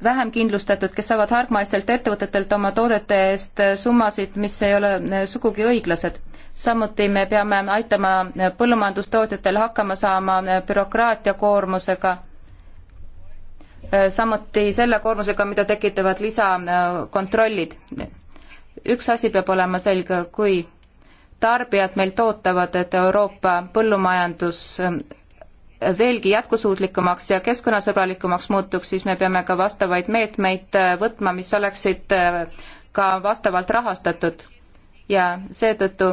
vähem kindlustatud, kes saavad hargmaistelt ettevõtetelt oma toodete eest summasid, mis ei ole eh, sugugi õiglased. samuti me peame aitama eh, põllumajandustootjatel hakkama saama eh, bürokraatia koormusega, samuti selle koormusega, mida tekitavad lisakontrollid. üks asi peab olema selge, kui tarbijad meilt ootavad, et Euroopa põllumajandus veelgi jätkusuutlikumaks ja keskkonnasõbralikumaks muutuks, siis me peame ka vastavaid meetmeid äh, võtma, mis oleksid äh, ka vastavalt rahastatud. ja seetõttu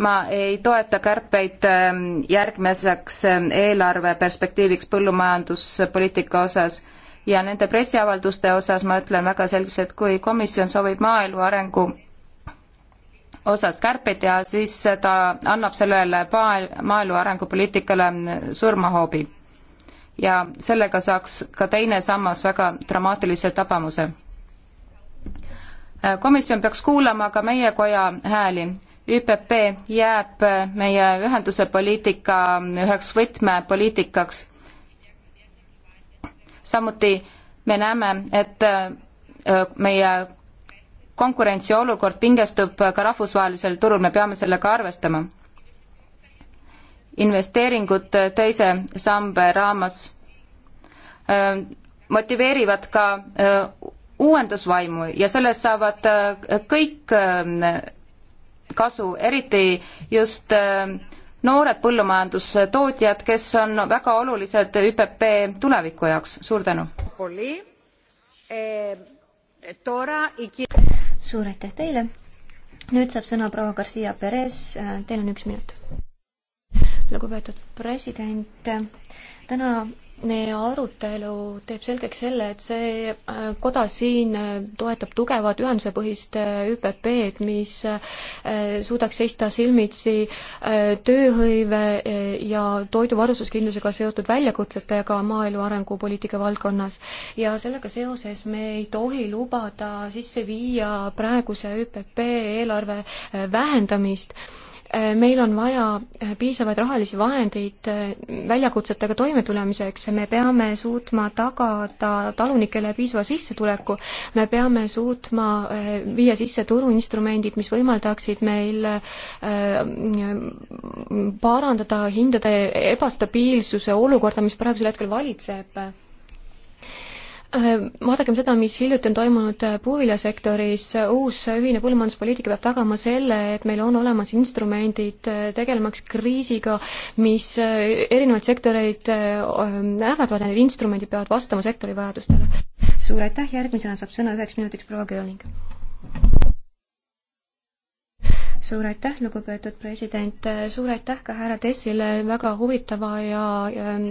ma ei toeta kärpeid ähm, järgmiseks ähm, eelarveperspektiiviks põllumajanduspoliitika osas ja nende pressiavalduste osas ma ütlen väga selgelt, kui komisjon soovib maaelu arengu osas kärped ja siis ta annab sellele maaelu arengupoliitikale surmahoobi. ja sellega saaks ka teine sammas väga dramaatilise tabamuse. Äh, komisjon peaks kuulama ka meie koja hääli. ÜPP jääb meie ühenduse poliitika üheks võtmepoliitikaks. samuti me näeme, et äh, meie konkurentsiolukord pingestub ka rahvusvahelisel turul, me peame sellega arvestama. investeeringud teise samba raames äh, motiveerivad ka äh, uuendusvaimu ja sellest saavad äh, kõik kasu, eriti just noored põllumajandustootjad, kes on väga olulised ÜPP tuleviku jaoks, suur tänu! suur aitäh teile. nüüd saab sõna proua Garcia Perez, äh, teil on üks minut. lugupeetud president, äh, täna arutelu teeb selgeks selle, et see äh, koda siin äh, toetab tugevat ühendusepõhist äh, ÜPP-d, mis suudaks seista silmitsi tööhõive ja toiduvarustuskindlusega seotud väljakutsetega maaelu arengupoliitika valdkonnas. ja sellega seoses me ei tohi lubada sisse viia praeguse ÜPP eelarve vähendamist meil on vaja äh, piisavaid rahalisi vahendeid äh, väljakutsetega toimetulemiseks, me peame suutma tagada talunikele piisava sissetuleku, me peame suutma äh, viia sisse turuinstrumendid, mis võimaldaksid meil parandada hindade ebastabiilsuse olukorda, mis praegusel hetkel valitseb Äh, vaadakem seda, mis hiljuti on toimunud äh, puuviljasektoris, äh, uus ühine põllumajanduspoliitika peab tagama selle, et meil on olemas instrumendid tegelemaks kriisiga, mis erinevaid sektoreid ähvardavad ja need instrumendid peavad vastama sektori vajadustele. suur aitäh, järgmisena saab sõna üheks minutiks proua Kööling suur aitäh, lugupeetud president, suur aitäh ka härra Tessile väga huvitava ja, ja ähm,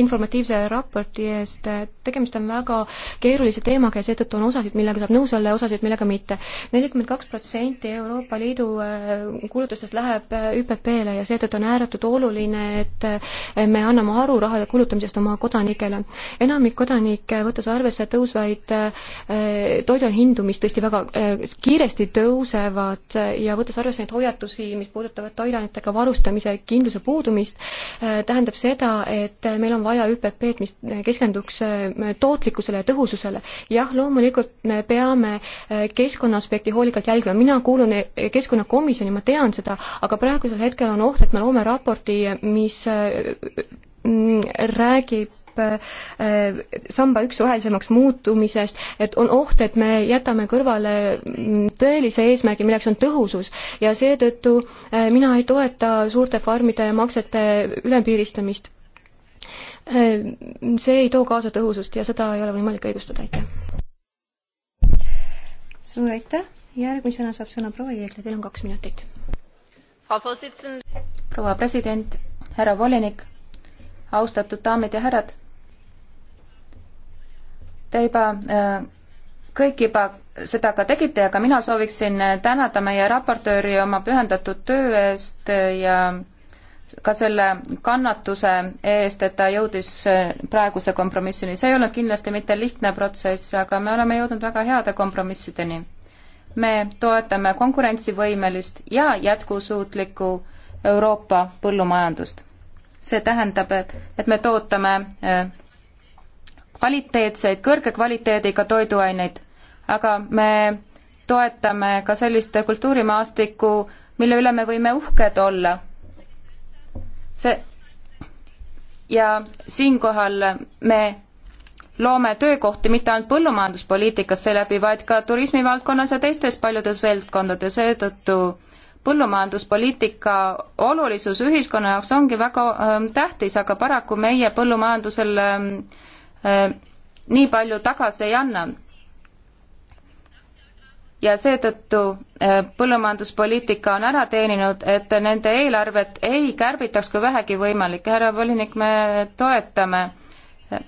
informatiivse raporti eest. tegemist on väga keerulise teemaga ja seetõttu on osasid, millega saab nõus olla ja osasid, millega mitte. nelikümmend kaks protsenti Euroopa Liidu äh, kulutustest läheb äh, ÜPP-le ja seetõttu on ääretult oluline, et äh, me anname aru raha kulutamisest oma kodanikele. enamik kodanikke, võttes arvesse tõusvaid toiduhindu, mis tõesti väga kiiresti tõusevad ja võttes arvesse neid hoiatusi, mis puudutavad toiduainetega varustamise kindluse puudumist, äh, tähendab seda, et äh, meil on vaja ÜPP-d, mis äh, keskenduks tootlikkusele ja tõhususele. jah, loomulikult me peame keskkonnaaspekti hoolikalt jälgima, mina kuulun keskkonnakomisjoni, ma tean seda, aga praegusel hetkel on oht, et me loome raporti, mis mm, räägib räägib äh, samba üks rohelisemaks muutumisest, et on oht, et me jätame kõrvale mm, tõelise eesmärgi, milleks on tõhusus. ja seetõttu äh, mina ei toeta suurte farmide maksete ülempiiristamist. Äh, see ei too kaasa tõhusust ja seda ei ole võimalik õigustada, aitäh. suur aitäh, järgmisena saab sõna proua Jeegla, teil on kaks minutit proua president, härra volinik, austatud daamid ja härrad. Te juba äh, kõik juba seda ka tegite, aga mina sooviksin tänada meie raportööri oma pühendatud töö eest ja ka selle kannatuse eest, et ta jõudis äh, praeguse kompromissini. see ei olnud kindlasti mitte lihtne protsess, aga me oleme jõudnud väga heade kompromissideni. me toetame konkurentsivõimelist ja jätkusuutlikku Euroopa põllumajandust. see tähendab, et me tootame äh, kvaliteetseid, kõrge kvaliteediga toiduaineid, aga me toetame ka sellist kultuurimaastikku, mille üle me võime uhked olla. see ja siinkohal me loome töökohti mitte ainult põllumajanduspoliitikas seeläbi, vaid ka turismivaldkonnas ja teistes paljudes valdkondades, seetõttu põllumajanduspoliitika olulisus ühiskonna jaoks ongi väga ähm, tähtis, aga paraku meie põllumajandusel ähm, Äh, nii palju tagasi ei anna. ja seetõttu äh, põllumajanduspoliitika on ära teeninud, et nende eelarvet ei kärbitaks, kui vähegi võimalik. härra volinik, me toetame äh,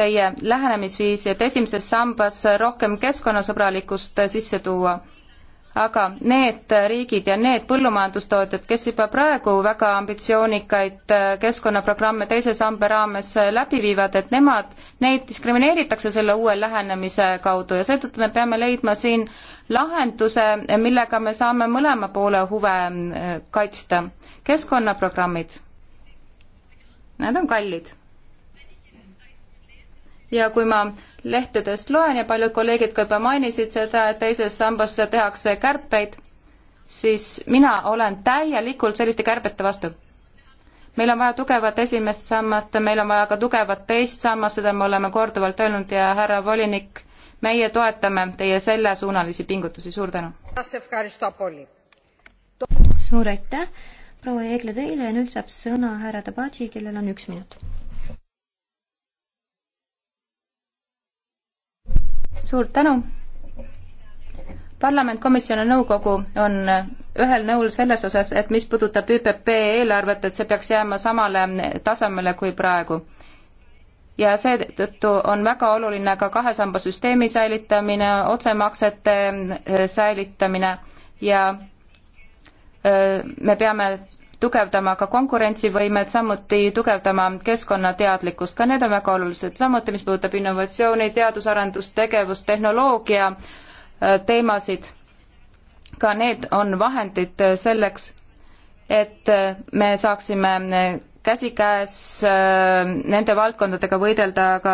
teie lähenemisviisi, et esimeses sambas rohkem keskkonnasõbralikkust sisse tuua aga need riigid ja need põllumajandustootjad, kes juba praegu väga ambitsioonikaid äh, keskkonnaprogramme teise samba raames äh, läbi viivad, et nemad, neid diskrimineeritakse selle uue lähenemise kaudu ja seetõttu me peame leidma siin lahenduse, millega me saame mõlema poole huve äh, kaitsta. keskkonnaprogrammid, need on kallid. ja kui ma lehtedest loen ja paljud kolleegid ka juba mainisid seda, et teises sambas tehakse kärpeid, siis mina olen täielikult selliste kärbete vastu. meil on vaja tugevat esimest sammat, meil on vaja ka tugevat teist sammast, seda me oleme korduvalt öelnud ja härra volinik, meie toetame teie sellesuunalisi pingutusi, suur tänu. suur aitäh, proua Eegla teile ja nüüd saab sõna härra Tabadži, kellel on üks minut suur tänu. parlament, komisjon ja nõukogu on äh, ühel nõul selles osas, et mis puudutab ÜPP eelarvet, et see peaks jääma samale tasemele kui praegu. ja seetõttu on väga oluline ka kahe samba süsteemi säilitamine, otsemaksete äh, säilitamine ja äh, me peame tugevdama ka konkurentsivõimet, samuti tugevdama keskkonnateadlikkust, ka need on väga olulised, samuti mis puudutab innovatsiooni, teadus-arendustegevust, tehnoloogia äh, teemasid, ka need on vahendid äh, selleks, et äh, me saaksime käsikäes nende valdkondadega võidelda ka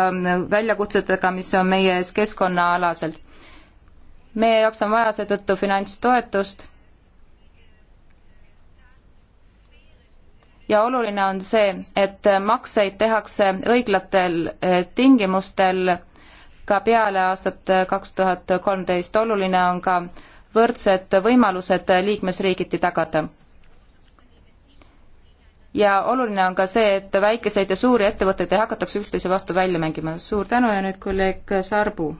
väljakutsetega, mis on meie ees keskkonnaalaselt. meie jaoks on vaja seetõttu finantstoetust ja oluline on see, et makseid tehakse õiglatel eh, tingimustel ka peale aastat eh, kaks tuhat kolmteist. oluline on ka võrdsed võimalused liikmesriigiti tagada. ja oluline on ka see, et väikeseid ja suuri ettevõtteid ei hakatakse üksteise vastu välja mängima. suur tänu ja nüüd kolleeg Sarbu.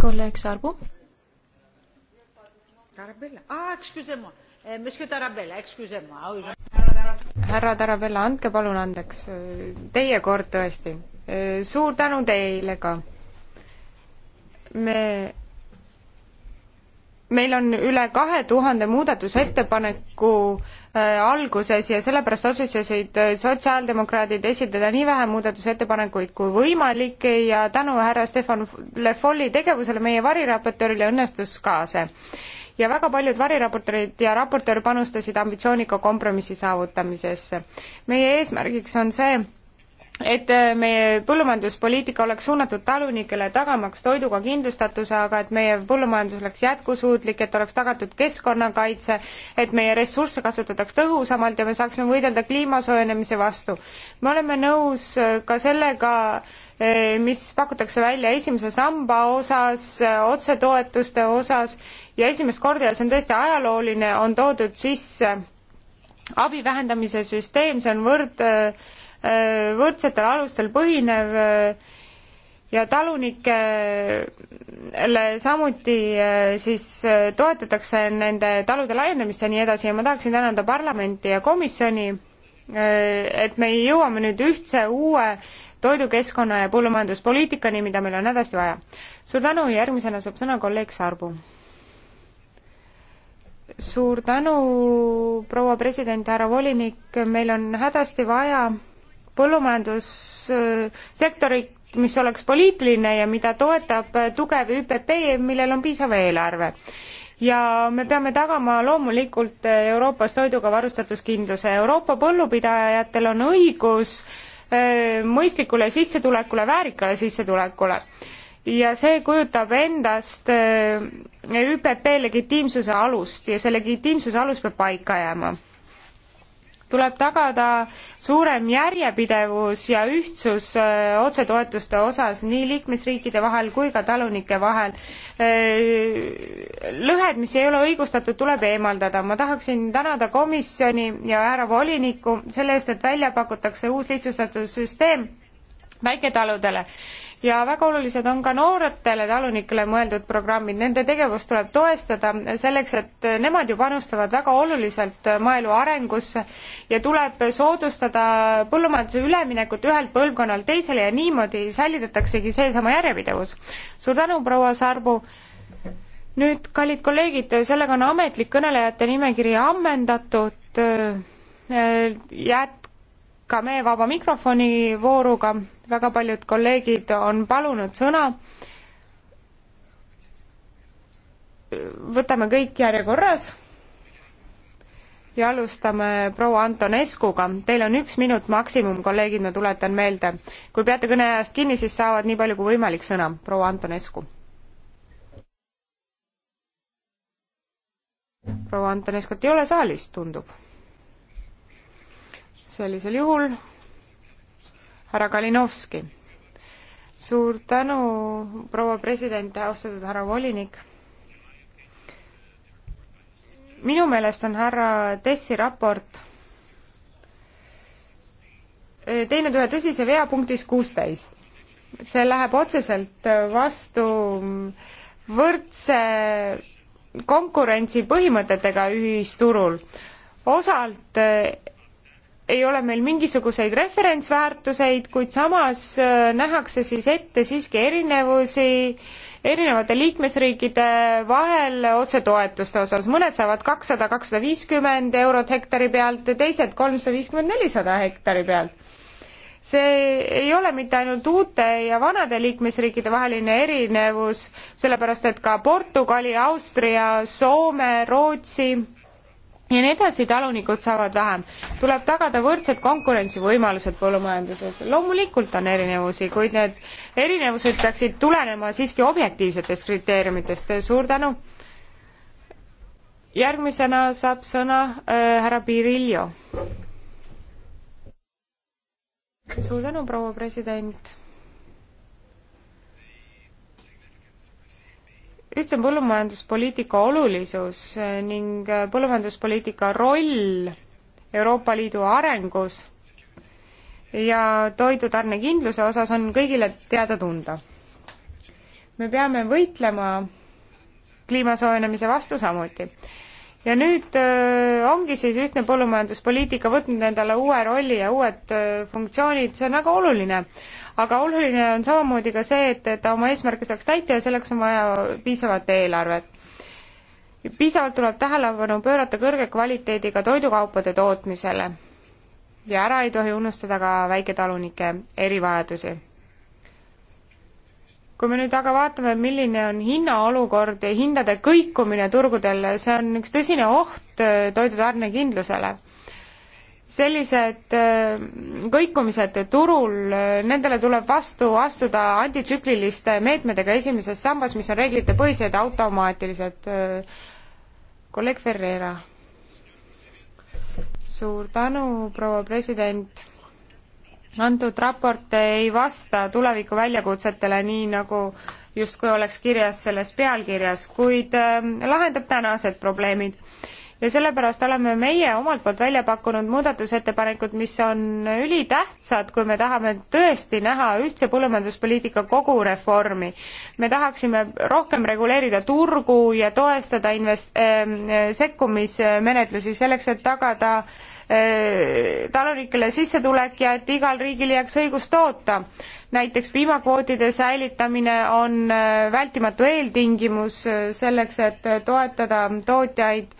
kolleeg Sarbu. Ah, eh, ah härra Tarabella, andke palun andeks, teie kord tõesti. Eh, suur tänu teile ka. me, meil on üle kahe tuhande muudatusettepaneku eh, alguses ja sellepärast otsustasid sotsiaaldemokraadid esitada nii vähe muudatusettepanekuid kui võimalik ja tänu härra Stefan Le Folli tegevusele, meie variraportöörile, õnnestus ka see ja väga paljud variraportorid ja raportöör panustasid ambitsioonika kompromissi saavutamisesse. meie eesmärgiks on see, et äh, meie põllumajanduspoliitika oleks suunatud talunikele tagamaks toiduga kindlustatuse, aga et meie põllumajandus oleks jätkusuutlik, et oleks tagatud keskkonnakaitse, et meie ressursse kasutataks tõhusamalt ja me saaksime võidelda kliima soojenemise vastu. me oleme nõus äh, ka sellega, äh, mis pakutakse välja esimese samba osas, otsetoetuste osas ja esimest korda, ja see on tõesti ajalooline, on toodud sisse abi vähendamise süsteem, see on võrd äh, võrdsetel alustel põhinev äh, ja talunikele samuti äh, siis äh, toetatakse nende talude laiendamist ja nii edasi ja ma tahaksin tänada parlamenti ja komisjoni, et me jõuame nüüd ühtse uue toidukeskkonna ja põllumajanduspoliitikani, mida meil on hädasti vaja. suur tänu ja järgmisena saab sõna kolleeg Sarbu. suur tänu, proua president, härra volinik, meil on hädasti vaja põllumajandussektorit, mis oleks poliitiline ja mida toetab tugev ÜPP, millel on piisav eelarve. ja me peame tagama loomulikult Euroopas toiduga varustatuskindluse. Euroopa põllupidajatel on õigus äh, mõistlikule sissetulekule, väärikale sissetulekule. ja see kujutab endast äh, ÜPP legitiimsuse alust ja see legitiimsuse alus peab paika jääma tuleb tagada suurem järjepidevus ja ühtsus äh, otsetoetuste osas nii liikmesriikide vahel kui ka talunike vahel. Äh, lõhed, mis ei ole õigustatud, tuleb eemaldada. ma tahaksin tänada komisjoni ja härra volinikku selle eest, et välja pakutakse uus lihtsustatud süsteem väiketaludele ja väga olulised on ka nooretele talunikele mõeldud programmid, nende tegevust tuleb toestada selleks, et nemad ju panustavad väga oluliselt maaelu arengusse ja tuleb soodustada põllumajanduse üleminekut ühelt põlvkonnalt teisele ja niimoodi säilitataksegi seesama järjepidevus. suur tänu, proua Sarbu! nüüd, kallid kolleegid, sellega on ametlik kõnelejate nimekiri ammendatud, jätkame vaba mikrofoni vooruga väga paljud kolleegid on palunud sõna. võtame kõik järjekorras ja alustame proua Antonescuga. Teil on üks minut maksimum, kolleegid, ma tuletan meelde. kui peate kõneajast kinni, siis saavad nii palju kui võimalik sõna. proua Antonescu. proua Antonescut ei ole saalis, tundub. sellisel juhul härra Kalinovski. suur tänu, proua president, austatud härra volinik. minu meelest on härra Tessi raport teinud ühe tõsise vea punktis kuusteist. see läheb otseselt vastu võrdse konkurentsi põhimõtetega ühisturul. osalt ei ole meil mingisuguseid referentsväärtuseid, kuid samas äh, nähakse siis ette siiski erinevusi erinevate liikmesriikide vahel otsetoetuste osas, mõned saavad kakssada, kakssada viiskümmend eurot hektari pealt ja teised kolmsada viiskümmend, nelisada hektari pealt. see ei ole mitte ainult uute ja vanade liikmesriikide vaheline erinevus, sellepärast et ka Portugali, Austria, Soome, Rootsi ja nii edasi, talunikud saavad vähem. tuleb tagada võrdsed konkurentsivõimalused põllumajanduses. loomulikult on erinevusi, kuid need erinevused peaksid tulenema siiski objektiivsetest kriteeriumitest. suur tänu! järgmisena saab sõna äh, härra Pirillo. suur tänu, proua president ühtse põllumajanduspoliitika olulisus eh, ning eh, põllumajanduspoliitika roll Euroopa Liidu arengus ja toidutarnekindluse osas on kõigile teada-tunda. me peame võitlema kliima soojenemise vastu samuti ja nüüd äh, ongi siis ühtne põllumajanduspoliitika võtnud endale uue rolli ja uued äh, funktsioonid, see on väga oluline. aga oluline on samamoodi ka see, et ta oma eesmärke saaks täita ja selleks on vaja piisavat eelarvet. piisavalt tuleb tähelepanu pöörata kõrge kvaliteediga toidukaupade tootmisele ja ära ei tohi unustada ka väiketalunike erivajadusi kui me nüüd aga vaatame, milline on hinnaolukord ja hindade kõikumine turgudel, see on üks tõsine oht äh, toidutarnekindlusele. sellised äh, kõikumised turul, äh, nendele tuleb vastu astuda antitsükliliste meetmetega esimeses sambas, mis on reeglitepõhised, automaatilised. kolleeg Ferreira. suur tänu, proua president antud raport ei vasta tuleviku väljakutsetele, nii nagu justkui oleks kirjas selles pealkirjas, kuid ähm, lahendab tänased probleemid. ja sellepärast oleme meie omalt poolt välja pakkunud muudatusettepanekud, mis on ülitähtsad, kui me tahame tõesti näha ühtse põllumajanduspoliitika kogu reformi. me tahaksime rohkem reguleerida turgu ja toestada invest- äh,, sekkumismenetlusi selleks, et tagada äh, Äh, talunikele sissetulek ja et igal riigil jääks õigus toota. näiteks piimakvootide säilitamine on äh, vältimatu eeltingimus äh, selleks, et toetada tootjaid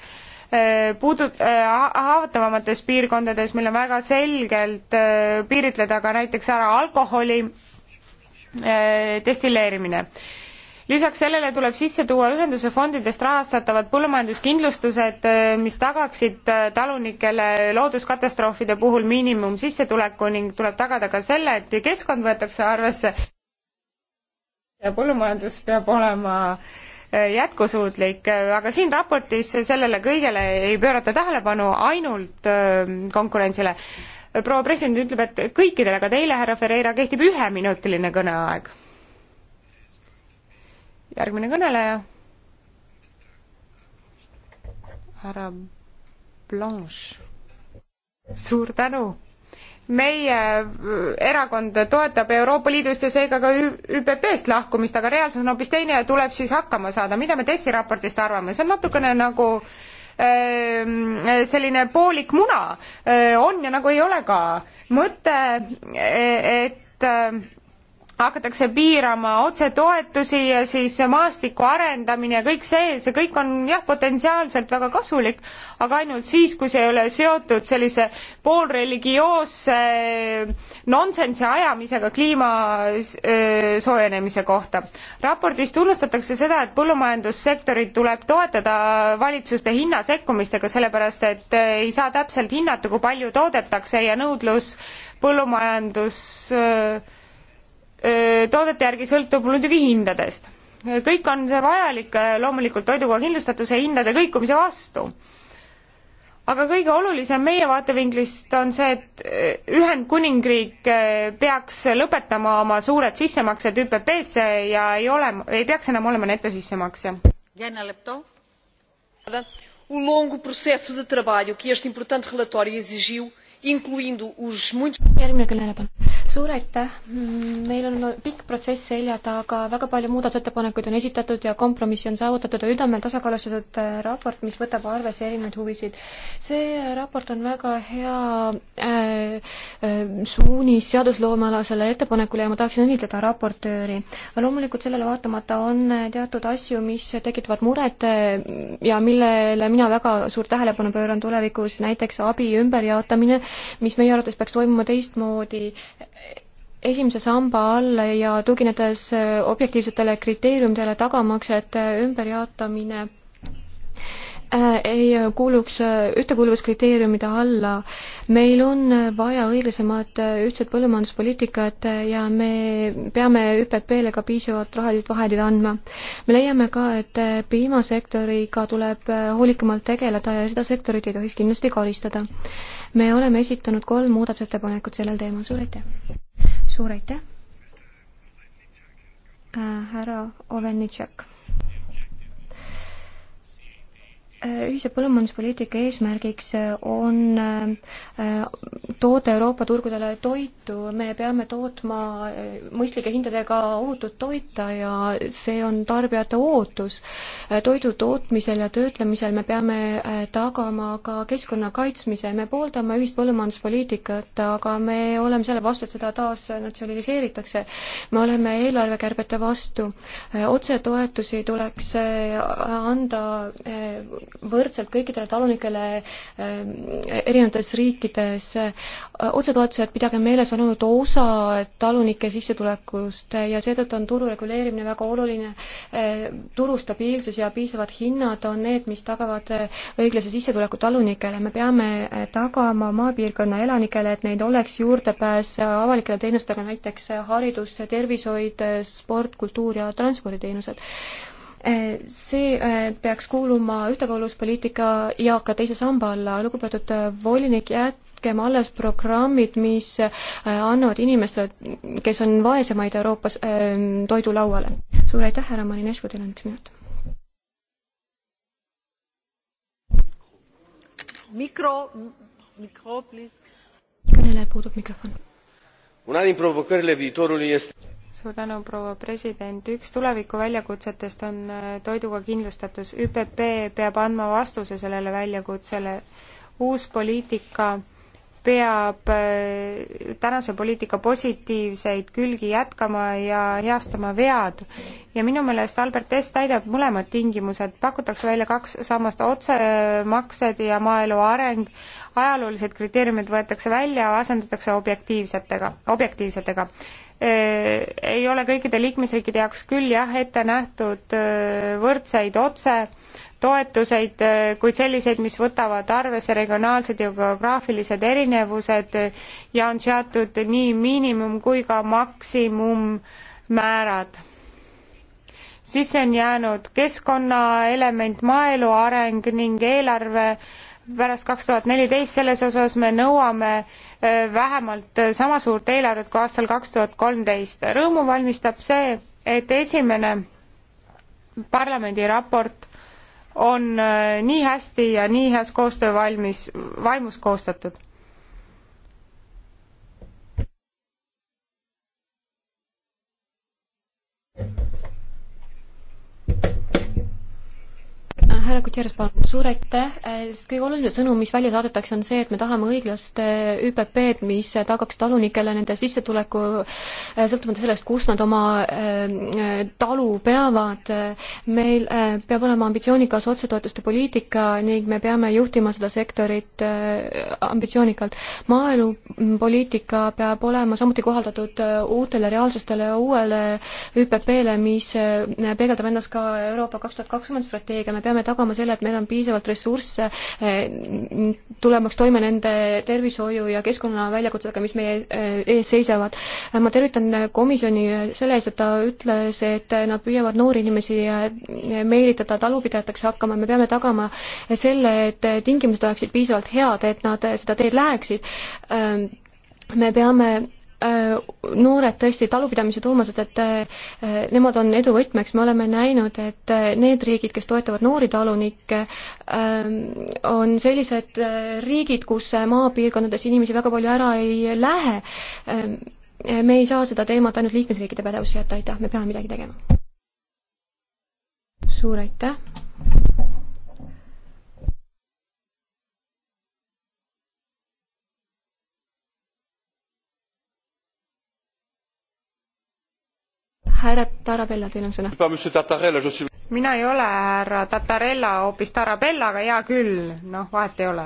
puudu- ha, haavatavamates piirkondades, meil on väga selgelt piiritleda ka näiteks ära alkoholi destilleerimine lisaks sellele tuleb sisse tuua ühenduse fondidest rahastatavad põllumajanduskindlustused, eh, mis tagaksid eh, talunikele looduskatastroofide puhul miinimumsissetuleku ning tuleb tagada ka selle, et keskkond võetakse arvesse ja põllumajandus peab olema eh, jätkusuutlik, aga siin raportis sellele kõigele ei pöörata tähelepanu, ainult konkurentsile. proua president ütleb, et kõikidele, ka teile, härra Ferreira, kehtib üheminutiline kõneaeg järgmine kõneleja. härra Blanche. suur tänu. meie äh, erakond toetab Euroopa Liidust ja seega ka ÜPP-st lahkumist, aga reaalsus on hoopis teine ja tuleb siis hakkama saada. mida me DES-i raportist arvame, see on natukene nagu ähm, selline poolik muna äh, on ja nagu ei ole ka mõte, äh, et hakatakse piirama otsetoetusi ja siis maastiku arendamine ja kõik see, see kõik on jah, potentsiaalselt väga kasulik, aga ainult siis, kui see ei ole seotud sellise poolreligioosse eh, nonsensi ajamisega kliima eh, soojenemise kohta. raportis tunnustatakse seda, et põllumajandussektorit tuleb toetada valitsuste hinnasekkumistega, sellepärast et eh, ei saa täpselt hinnata, kui palju toodetakse ja nõudlus põllumajandus öö, toodete järgi sõltub muidugi hindadest. kõik on see vajalik loomulikult toidukoha kindlustatuse hindade kõikumise vastu. aga kõige olulisem meie vaatevinklist on see, et Ühendkuningriik peaks lõpetama oma suured sissemaksed ÜPP-sse ja ei ole, ei peaks enam olema netosissemaksja. O um longo processo de trabalho que este importante relatório exigiu, incluindo os muitos. järgmine kõneleja, palun suur aitäh, meil on pikk protsess selja taga, väga palju muudatusettepanekuid on esitatud ja kompromissi on saavutatud ja nüüd on meil tasakaalustatud äh, raport, mis võtab arvesse erinevaid huvisid. see äh, raport on väga hea äh, äh, suunis seadusloomealasele ettepanekule ja ma tahaksin õnnitleda raportööri. loomulikult sellele vaatamata on teatud asju, mis tekitavad muret ja millele mina väga suurt tähelepanu pööran tulevikus, näiteks abi ümberjaotamine, mis meie arvates peaks toimuma teistmoodi esimese samba all ja tuginedes äh, objektiivsetele kriteeriumidele tagamaksete äh, ümberjaotamine äh, ei kuuluks ühtekuuluvuskriteeriumide alla. meil on vaja õiglasemat ühtset põllumajanduspoliitikat ja me peame ÜPP-le ka piisavalt rahalised vahendid andma. me leiame ka, et piimasektoriga tuleb hoolikamalt tegeleda ja seda sektorit ei tohiks kindlasti karistada. me oleme esitanud kolm muudatusettepanekut sellel teemal, suur aitäh! suur aitäh, äh, härra Ovenitšek ühise põllumajanduspoliitika eesmärgiks äh, on äh, toota Euroopa turgudele toitu, me peame tootma äh, mõistlike hindadega ohutut toita ja see on tarbijate ootus. toidu tootmisel ja töötlemisel me peame tagama ka keskkonna kaitsmise, me pooldame ühist põllumajanduspoliitikat, aga me oleme selle vastu, et seda taas natsionaliseeritakse. me oleme eelarvekärbete vastu, otsetoetusi tuleks anda võrdselt kõikidele talunikele eh, erinevates riikides. Eh, otsetoetused, pidage meeles, on olnud osa talunike sissetulekust eh, ja seetõttu on turu reguleerimine väga oluline. turu stabiilsus ja piisavad hinnad on need, mis tagavad õiglase sissetuleku talunikele. me peame tagama maapiirkonna elanikele, et neil oleks juurdepääs avalikele teenustele, näiteks haridus, tervishoid, sport, kultuur ja transporditeenused see äh, peaks kuuluma ühtekuuluvuspoliitika ja ka teise samba alla, lugupeetud äh, volinik, jätkem alles programmid, mis äh, annavad inimestele, kes on vaesemaid Euroopas, toidulauale. suur aitäh, härra Marinescu, teil on üks minut. mikro, mikro, please. kõnelejal puudub mikrofon. una din provocările viitorului este suur tänu, proua president. üks tuleviku väljakutsetest on äh, toiduga kindlustatus. ÜPP peab andma vastuse sellele väljakutsele. uus poliitika peab äh, tänase poliitika positiivseid külgi jätkama ja heastama vead. ja minu meelest Albert S täidab mõlemad tingimused, pakutakse välja kaks sammast, otsemaksed ja maaelu areng, ajaloolised kriteeriumid võetakse välja, asendatakse objektiivsetega, objektiivsetega. Äh, ei ole kõikide liikmesriikide jaoks küll jah ette nähtud äh, võrdseid otse toetuseid, äh, kuid selliseid, mis võtavad arvesse regionaalsed ja geograafilised erinevused ja on seatud nii miinimum kui ka maksimummäärad. sisse on jäänud keskkonnaelement, maaelu areng ning eelarve äh, pärast kaks tuhat neliteist, selles osas me nõuame äh, vähemalt äh, sama suurt eelarvet kui aastal kaks tuhat kolmteist. rõõmu valmistab see, et esimene parlamendi raport on äh, nii hästi ja nii heas koostöövalmis, vaimus koostatud Gutierrez, palun, suur aitäh, äh, sest kõige olulisem sõnum, mis välja saadetakse, on see, et me tahame õiglast äh, ÜPP-d, mis äh, tagaks talunikele nende sissetuleku sõltumata sellest, kus nad oma talu peavad. meil peab olema ambitsioonikas otsetoetuste poliitika ning me peame juhtima seda sektorit ambitsioonikalt. maaelupoliitika peab olema samuti kohaldatud uutele reaalsustele, uuele ÜPP-le, mis peegeldab endas ka Euroopa kaks tuhat kakskümmend strateegia, me peame tagama selle, selle, et meil on piisavalt ressursse eh, tulemaks toime nende tervishoiu ja keskkonna väljakutsedega, mis meie eh, ees seisavad. Eh, ma tervitan komisjoni selle eest, et ta ütles, et nad püüavad noori inimesi meelitada talupidajateks hakkama, me peame tagama selle, et tingimused oleksid piisavalt head, et nad seda teed läheksid me peame Äh, noored tõesti talupidamise tuuma, sest et äh, nemad on edu võtmeks, me oleme näinud, et äh, need riigid, kes toetavad noori talunikke, ähm, on sellised riigid, kus maapiirkondades inimesi väga palju ära ei lähe. Ähm, me ei saa seda teemat ainult liikmesriikide pädevusse jätta, aitäh, me peame midagi tegema. suur aitäh! härra Tarabella, teil on sõna. mina ei ole härra Tatarella, hoopis Tarabella, aga hea küll, noh, vahet ei ole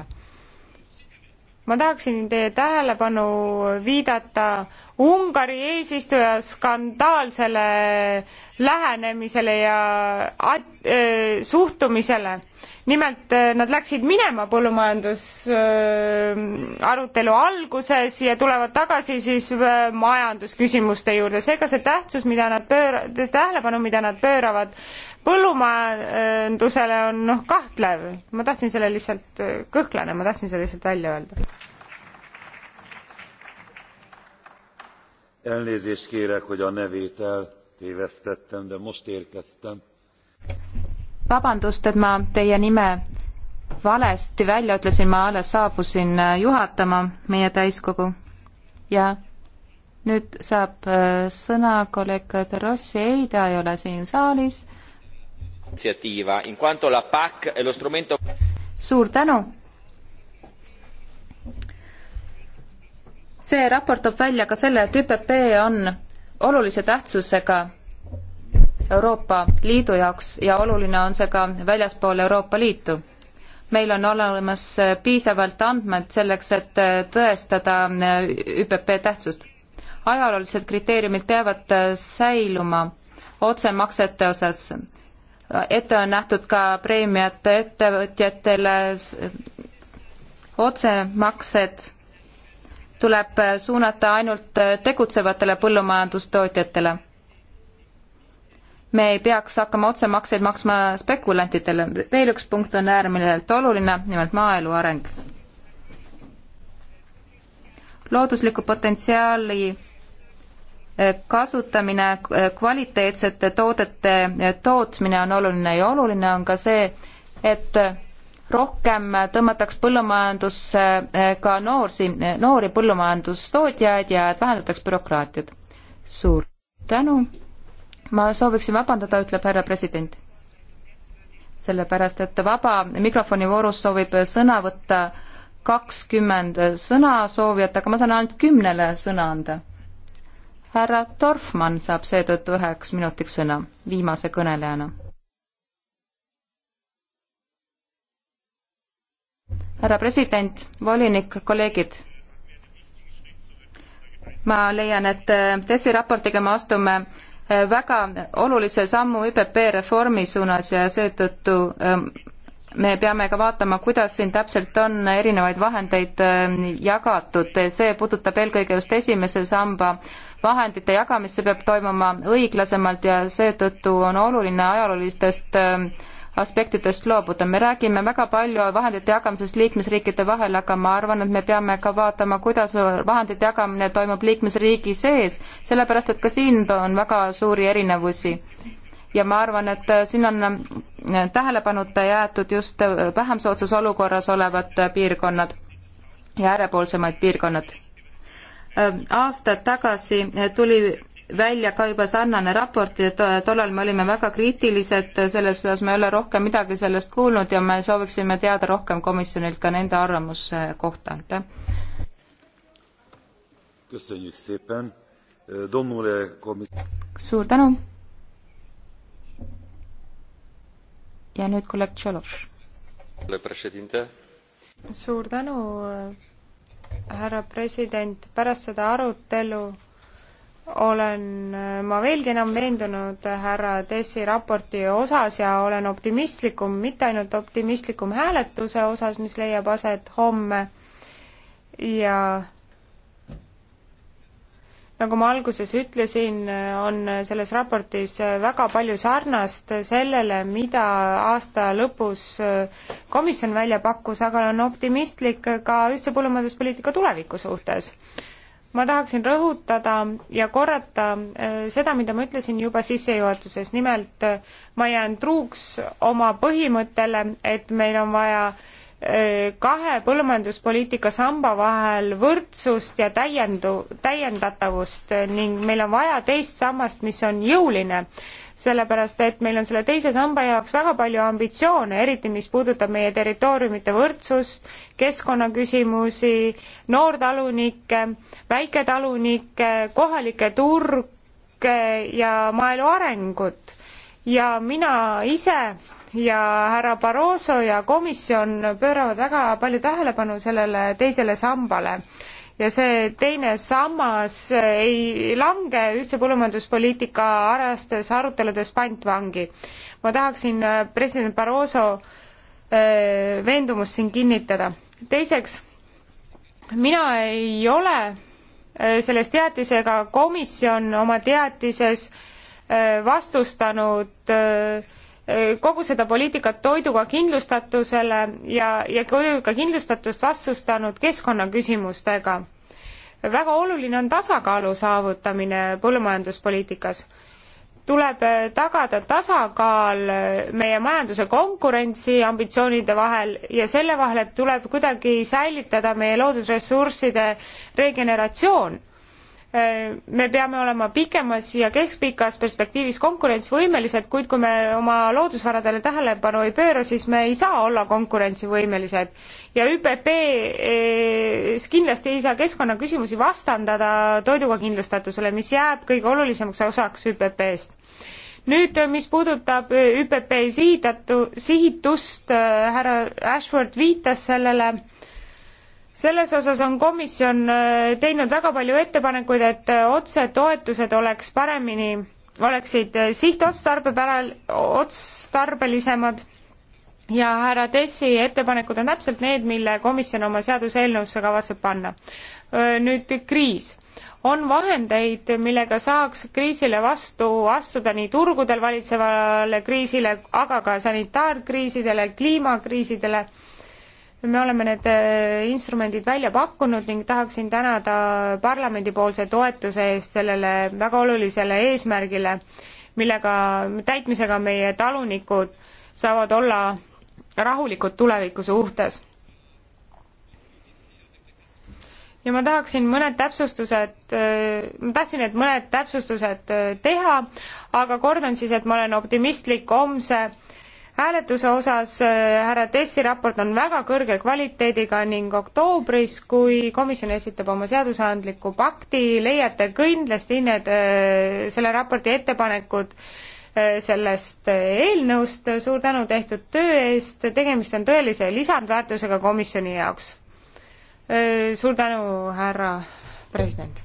ma tahaksin teie tähelepanu viidata Ungari eesistuja skandaalsele lähenemisele ja äh, suhtumisele nimelt äh, nad läksid minema põllumajandusarutelu alguses ja tulevad tagasi siis äh, majandusküsimuste juurde, seega see tähtsus, mida nad pööra-, tähelepanu, mida nad pööravad põllumajandusele on noh, kahtlev. ma tahtsin selle lihtsalt, äh, kõhklane, ma tahtsin selle lihtsalt välja öelda. elnézést kérek, hogy a nevét eltévesztettem, de most érkeztem vabandust, et ma teie nime valesti välja ütlesin, ma alles saabusin äh, juhatama meie täiskogu ja nüüd saab äh, sõna kolleeg Rossi, ei, ta ei ole siin saalis. suur tänu. see raport toob välja ka selle, et ÜPP on olulise tähtsusega Euroopa Liidu jaoks ja oluline on see ka väljaspool Euroopa Liitu. meil on olemas piisavalt andmed selleks, et tõestada ÜPP tähtsust. ajaloolised kriteeriumid peavad säiluma otsemaksete osas. ette on nähtud ka preemiad ettevõtjatele, otsemaksed tuleb suunata ainult tegutsevatele põllumajandustootjatele me ei peaks hakkama otsemakseid maksma spekulantidele. veel üks punkt on äärmiselt oluline, nimelt maaelu areng. loodusliku potentsiaali eh, kasutamine, eh, kvaliteetsete toodete eh, tootmine on oluline ja oluline on ka see, et rohkem tõmmataks põllumajandusse ka noorsi, noori põllumajandustootjaid ja et vähendataks bürokraatiat. suur tänu! ma sooviksin vabandada, ütleb härra president. sellepärast, et vaba mikrofoni voorus soovib sõna võtta kakskümmend sõnasoovijat, aga ma saan ainult kümnele sõna anda. härra Dorfmann saab seetõttu üheks minutiks sõna viimase kõnelejana. härra president, volinik, kolleegid ma leian, et DESi raportiga me astume Eh, väga olulise sammu ÜPP reformi suunas ja seetõttu eh, me peame ka vaatama, kuidas siin täpselt on erinevaid vahendeid eh, jagatud, see puudutab eelkõige just esimese samba vahendite jagamist, see peab toimuma õiglasemalt ja seetõttu on oluline ajaloolistest äh, aspektidest loobuda. me räägime väga palju vahendite jagamisest liikmesriikide vahel, aga ma arvan, et me peame ka vaatama, kuidas vahendite jagamine toimub liikmesriigi sees, sellepärast et ka siin on väga suuri erinevusi. ja ma arvan, et siin on äh, tähelepanuta jäetud just äh, vähem soodsas olukorras olevad äh, piirkonnad ja äärepoolsemad piirkonnad aastad tagasi tuli välja ka juba sarnane raport ja tollal me olime väga kriitilised selles osas, me ei ole rohkem midagi sellest kuulnud ja me sooviksime teada rohkem komisjonilt ka nende arvamuse kohta, aitäh. suur tänu. ja nüüd kolleeg Tšološ. suur tänu, härra president, pärast seda arutelu olen ma veelgi enam veendunud härra Tessi raporti osas ja olen optimistlikum, mitte ainult optimistlikum hääletuse osas, mis leiab aset homme ja nagu ma alguses ütlesin, on selles raportis väga palju sarnast sellele, mida aasta lõpus komisjon välja pakkus, aga olen optimistlik ka ühtse põllumajanduspoliitika tuleviku suhtes ma tahaksin rõhutada ja korrata äh, seda, mida ma ütlesin juba sissejuhatuses, nimelt äh, ma jään truuks oma põhimõttele, et meil on vaja äh, kahe põllumajanduspoliitika samba vahel võrdsust ja täiendu-, täiendatavust ning meil on vaja teist sammast, mis on jõuline sellepärast et meil on selle teise samba jaoks väga palju ambitsioone, eriti mis puudutab meie territooriumite võrdsust, keskkonnaküsimusi, noortalunikke, väiketalunikke, kohalikke turge ja maaelu arengut. ja mina ise ja härra Barroso ja komisjon pööravad väga palju tähelepanu sellele teisele sambale ja see teine sammas ei lange ühtse põllumajanduspoliitika arastes aruteludes pantvangi. ma tahaksin äh, president Barroso äh, veendumust siin kinnitada. teiseks, mina ei ole äh, selles teatisega, komisjon oma teatises vastustanud äh, kogu seda poliitikat toiduga kindlustatusele ja, ja toiduga kindlustatust vastustanud keskkonnaküsimustega. väga oluline on tasakaalu saavutamine põllumajanduspoliitikas tuleb äh, tagada tasakaal äh, meie majanduse konkurentsiambitsioonide vahel ja selle vahel, et tuleb kuidagi säilitada meie loodusressursside regeneratsioon me peame olema pikemas ja keskpikas perspektiivis konkurentsivõimelised, kuid kui me oma loodusvaradele tähelepanu ei pööra, siis me ei saa olla konkurentsivõimelised. ja ÜPP-s eh, kindlasti ei saa keskkonnaküsimusi vastandada toiduga kindlustatusele, mis jääb kõige olulisemaks osaks ÜPP-st. nüüd, mis puudutab eh, ÜPP sihitatu, sihitust, eh, härra Ashford viitas sellele selles osas on komisjon äh, teinud väga palju ettepanekuid, et äh, otsetoetused oleks paremini, oleksid äh, sihtotstarbepäral, otstarbelisemad ja härra Tessi ettepanekud on täpselt need, mille komisjon oma seaduseelnõusse kavatseb panna. nüüd kriis. on vahendeid, millega saaks kriisile vastu astuda nii turgudel valitsevale kriisile, aga ka sanitaarkriisidele, kliimakriisidele me oleme need äh, instrumendid välja pakkunud ning tahaksin tänada parlamendipoolse toetuse eest sellele väga olulisele eesmärgile, millega, täitmisega meie talunikud saavad olla rahulikud tuleviku suhtes. ja ma tahaksin mõned täpsustused, äh, ma tahtsin need mõned täpsustused äh, teha, aga kordan siis, et ma olen optimistlik homse hääletuse osas äh, härra Tessi raport on väga kõrge kvaliteediga ning oktoobris, kui komisjon esitab oma seadusandliku pakti, leiate kindlasti need, äh, selle raporti ettepanekud äh, sellest eelnõust, suur tänu tehtud töö eest, tegemist on tõelise lisandväärtusega komisjoni jaoks. suur tänu, härra president!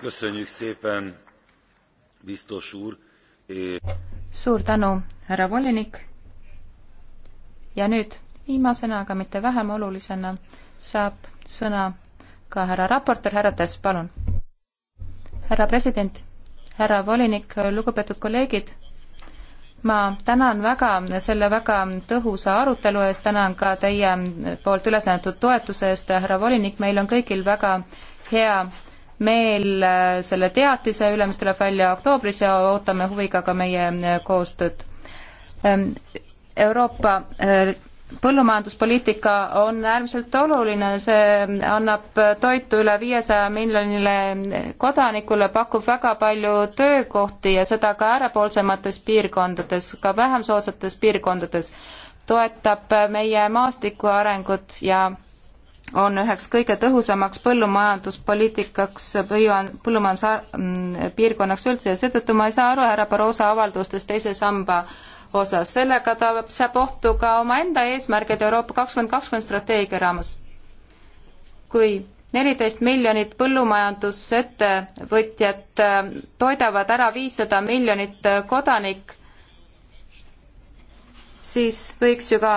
köszönjük szépen, biztos úr! suur tänu, härra volinik. ja nüüd viimasena, aga mitte vähem olulisena, saab sõna ka härra raportöör, härra Tess, palun. härra president, härra volinik, lugupeetud kolleegid, ma tänan väga selle väga tõhusa arutelu eest, tänan ka teie poolt üles antud toetuse eest, härra volinik, meil on kõigil väga hea meel äh, selle teatise üle, mis tuleb välja oktoobris ja ootame huviga ka meie äh, koostööd. Ähm, Euroopa äh, põllumajanduspoliitika on äärmiselt oluline, see annab toitu üle viiesaja miljonile kodanikule, pakub väga palju töökohti ja seda ka äärepoolsemates piirkondades, ka vähem soodsates piirkondades, toetab meie maastiku arengut ja on üheks kõige tõhusamaks põllumajanduspoliitikaks või on põllumajanduspiirkonnaks mm, üldse ja seetõttu ma ei saa aru härra Barroso avaldustest teise samba osas. sellega ta seab ohtu ka omaenda eesmärgid Euroopa kakskümmend kakskümmend strateegia raames. kui neliteist miljonit põllumajandusettevõtjat äh, toidavad ära viissada miljonit äh, kodanik, siis võiks ju ka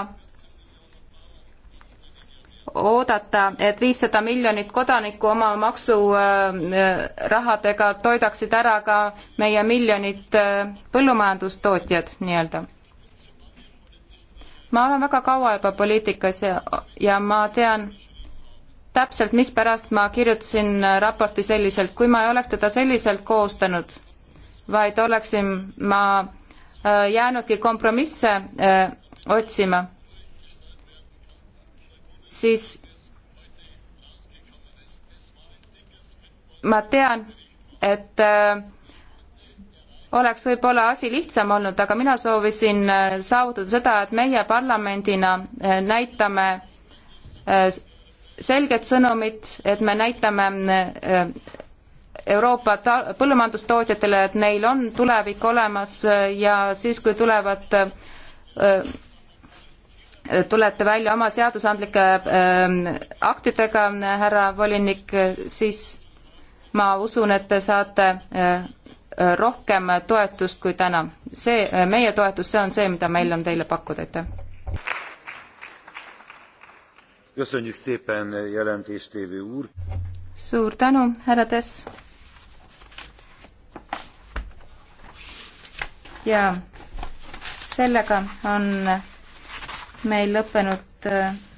oodata, et viissada miljonit kodanikku oma maksurahadega toidaksid ära ka meie miljonid äh, põllumajandustootjad nii-öelda. ma olen väga kaua juba poliitikas ja, ja ma tean täpselt, mispärast ma kirjutasin raporti selliselt, kui ma ei oleks teda selliselt koostanud, vaid oleksin ma äh, jäänudki kompromisse öö, äh, otsima siis ma tean, et äh, oleks võib-olla asi lihtsam olnud, aga mina soovisin äh, saavutada seda, et meie parlamendina äh, näitame äh, selget sõnumit, et me näitame Euroopa põllumajandustootjatele, et neil on tulevik olemas ja siis, kui tulevad tulete välja oma seadusandlike ähm, aktidega, härra volinik, siis ma usun, et te saate äh, rohkem toetust kui täna. see, äh, meie toetus, see on see, mida meil on teile pakkuda, aitäh. suur tänu, härra Tess. ja sellega on meil lõppenud äh,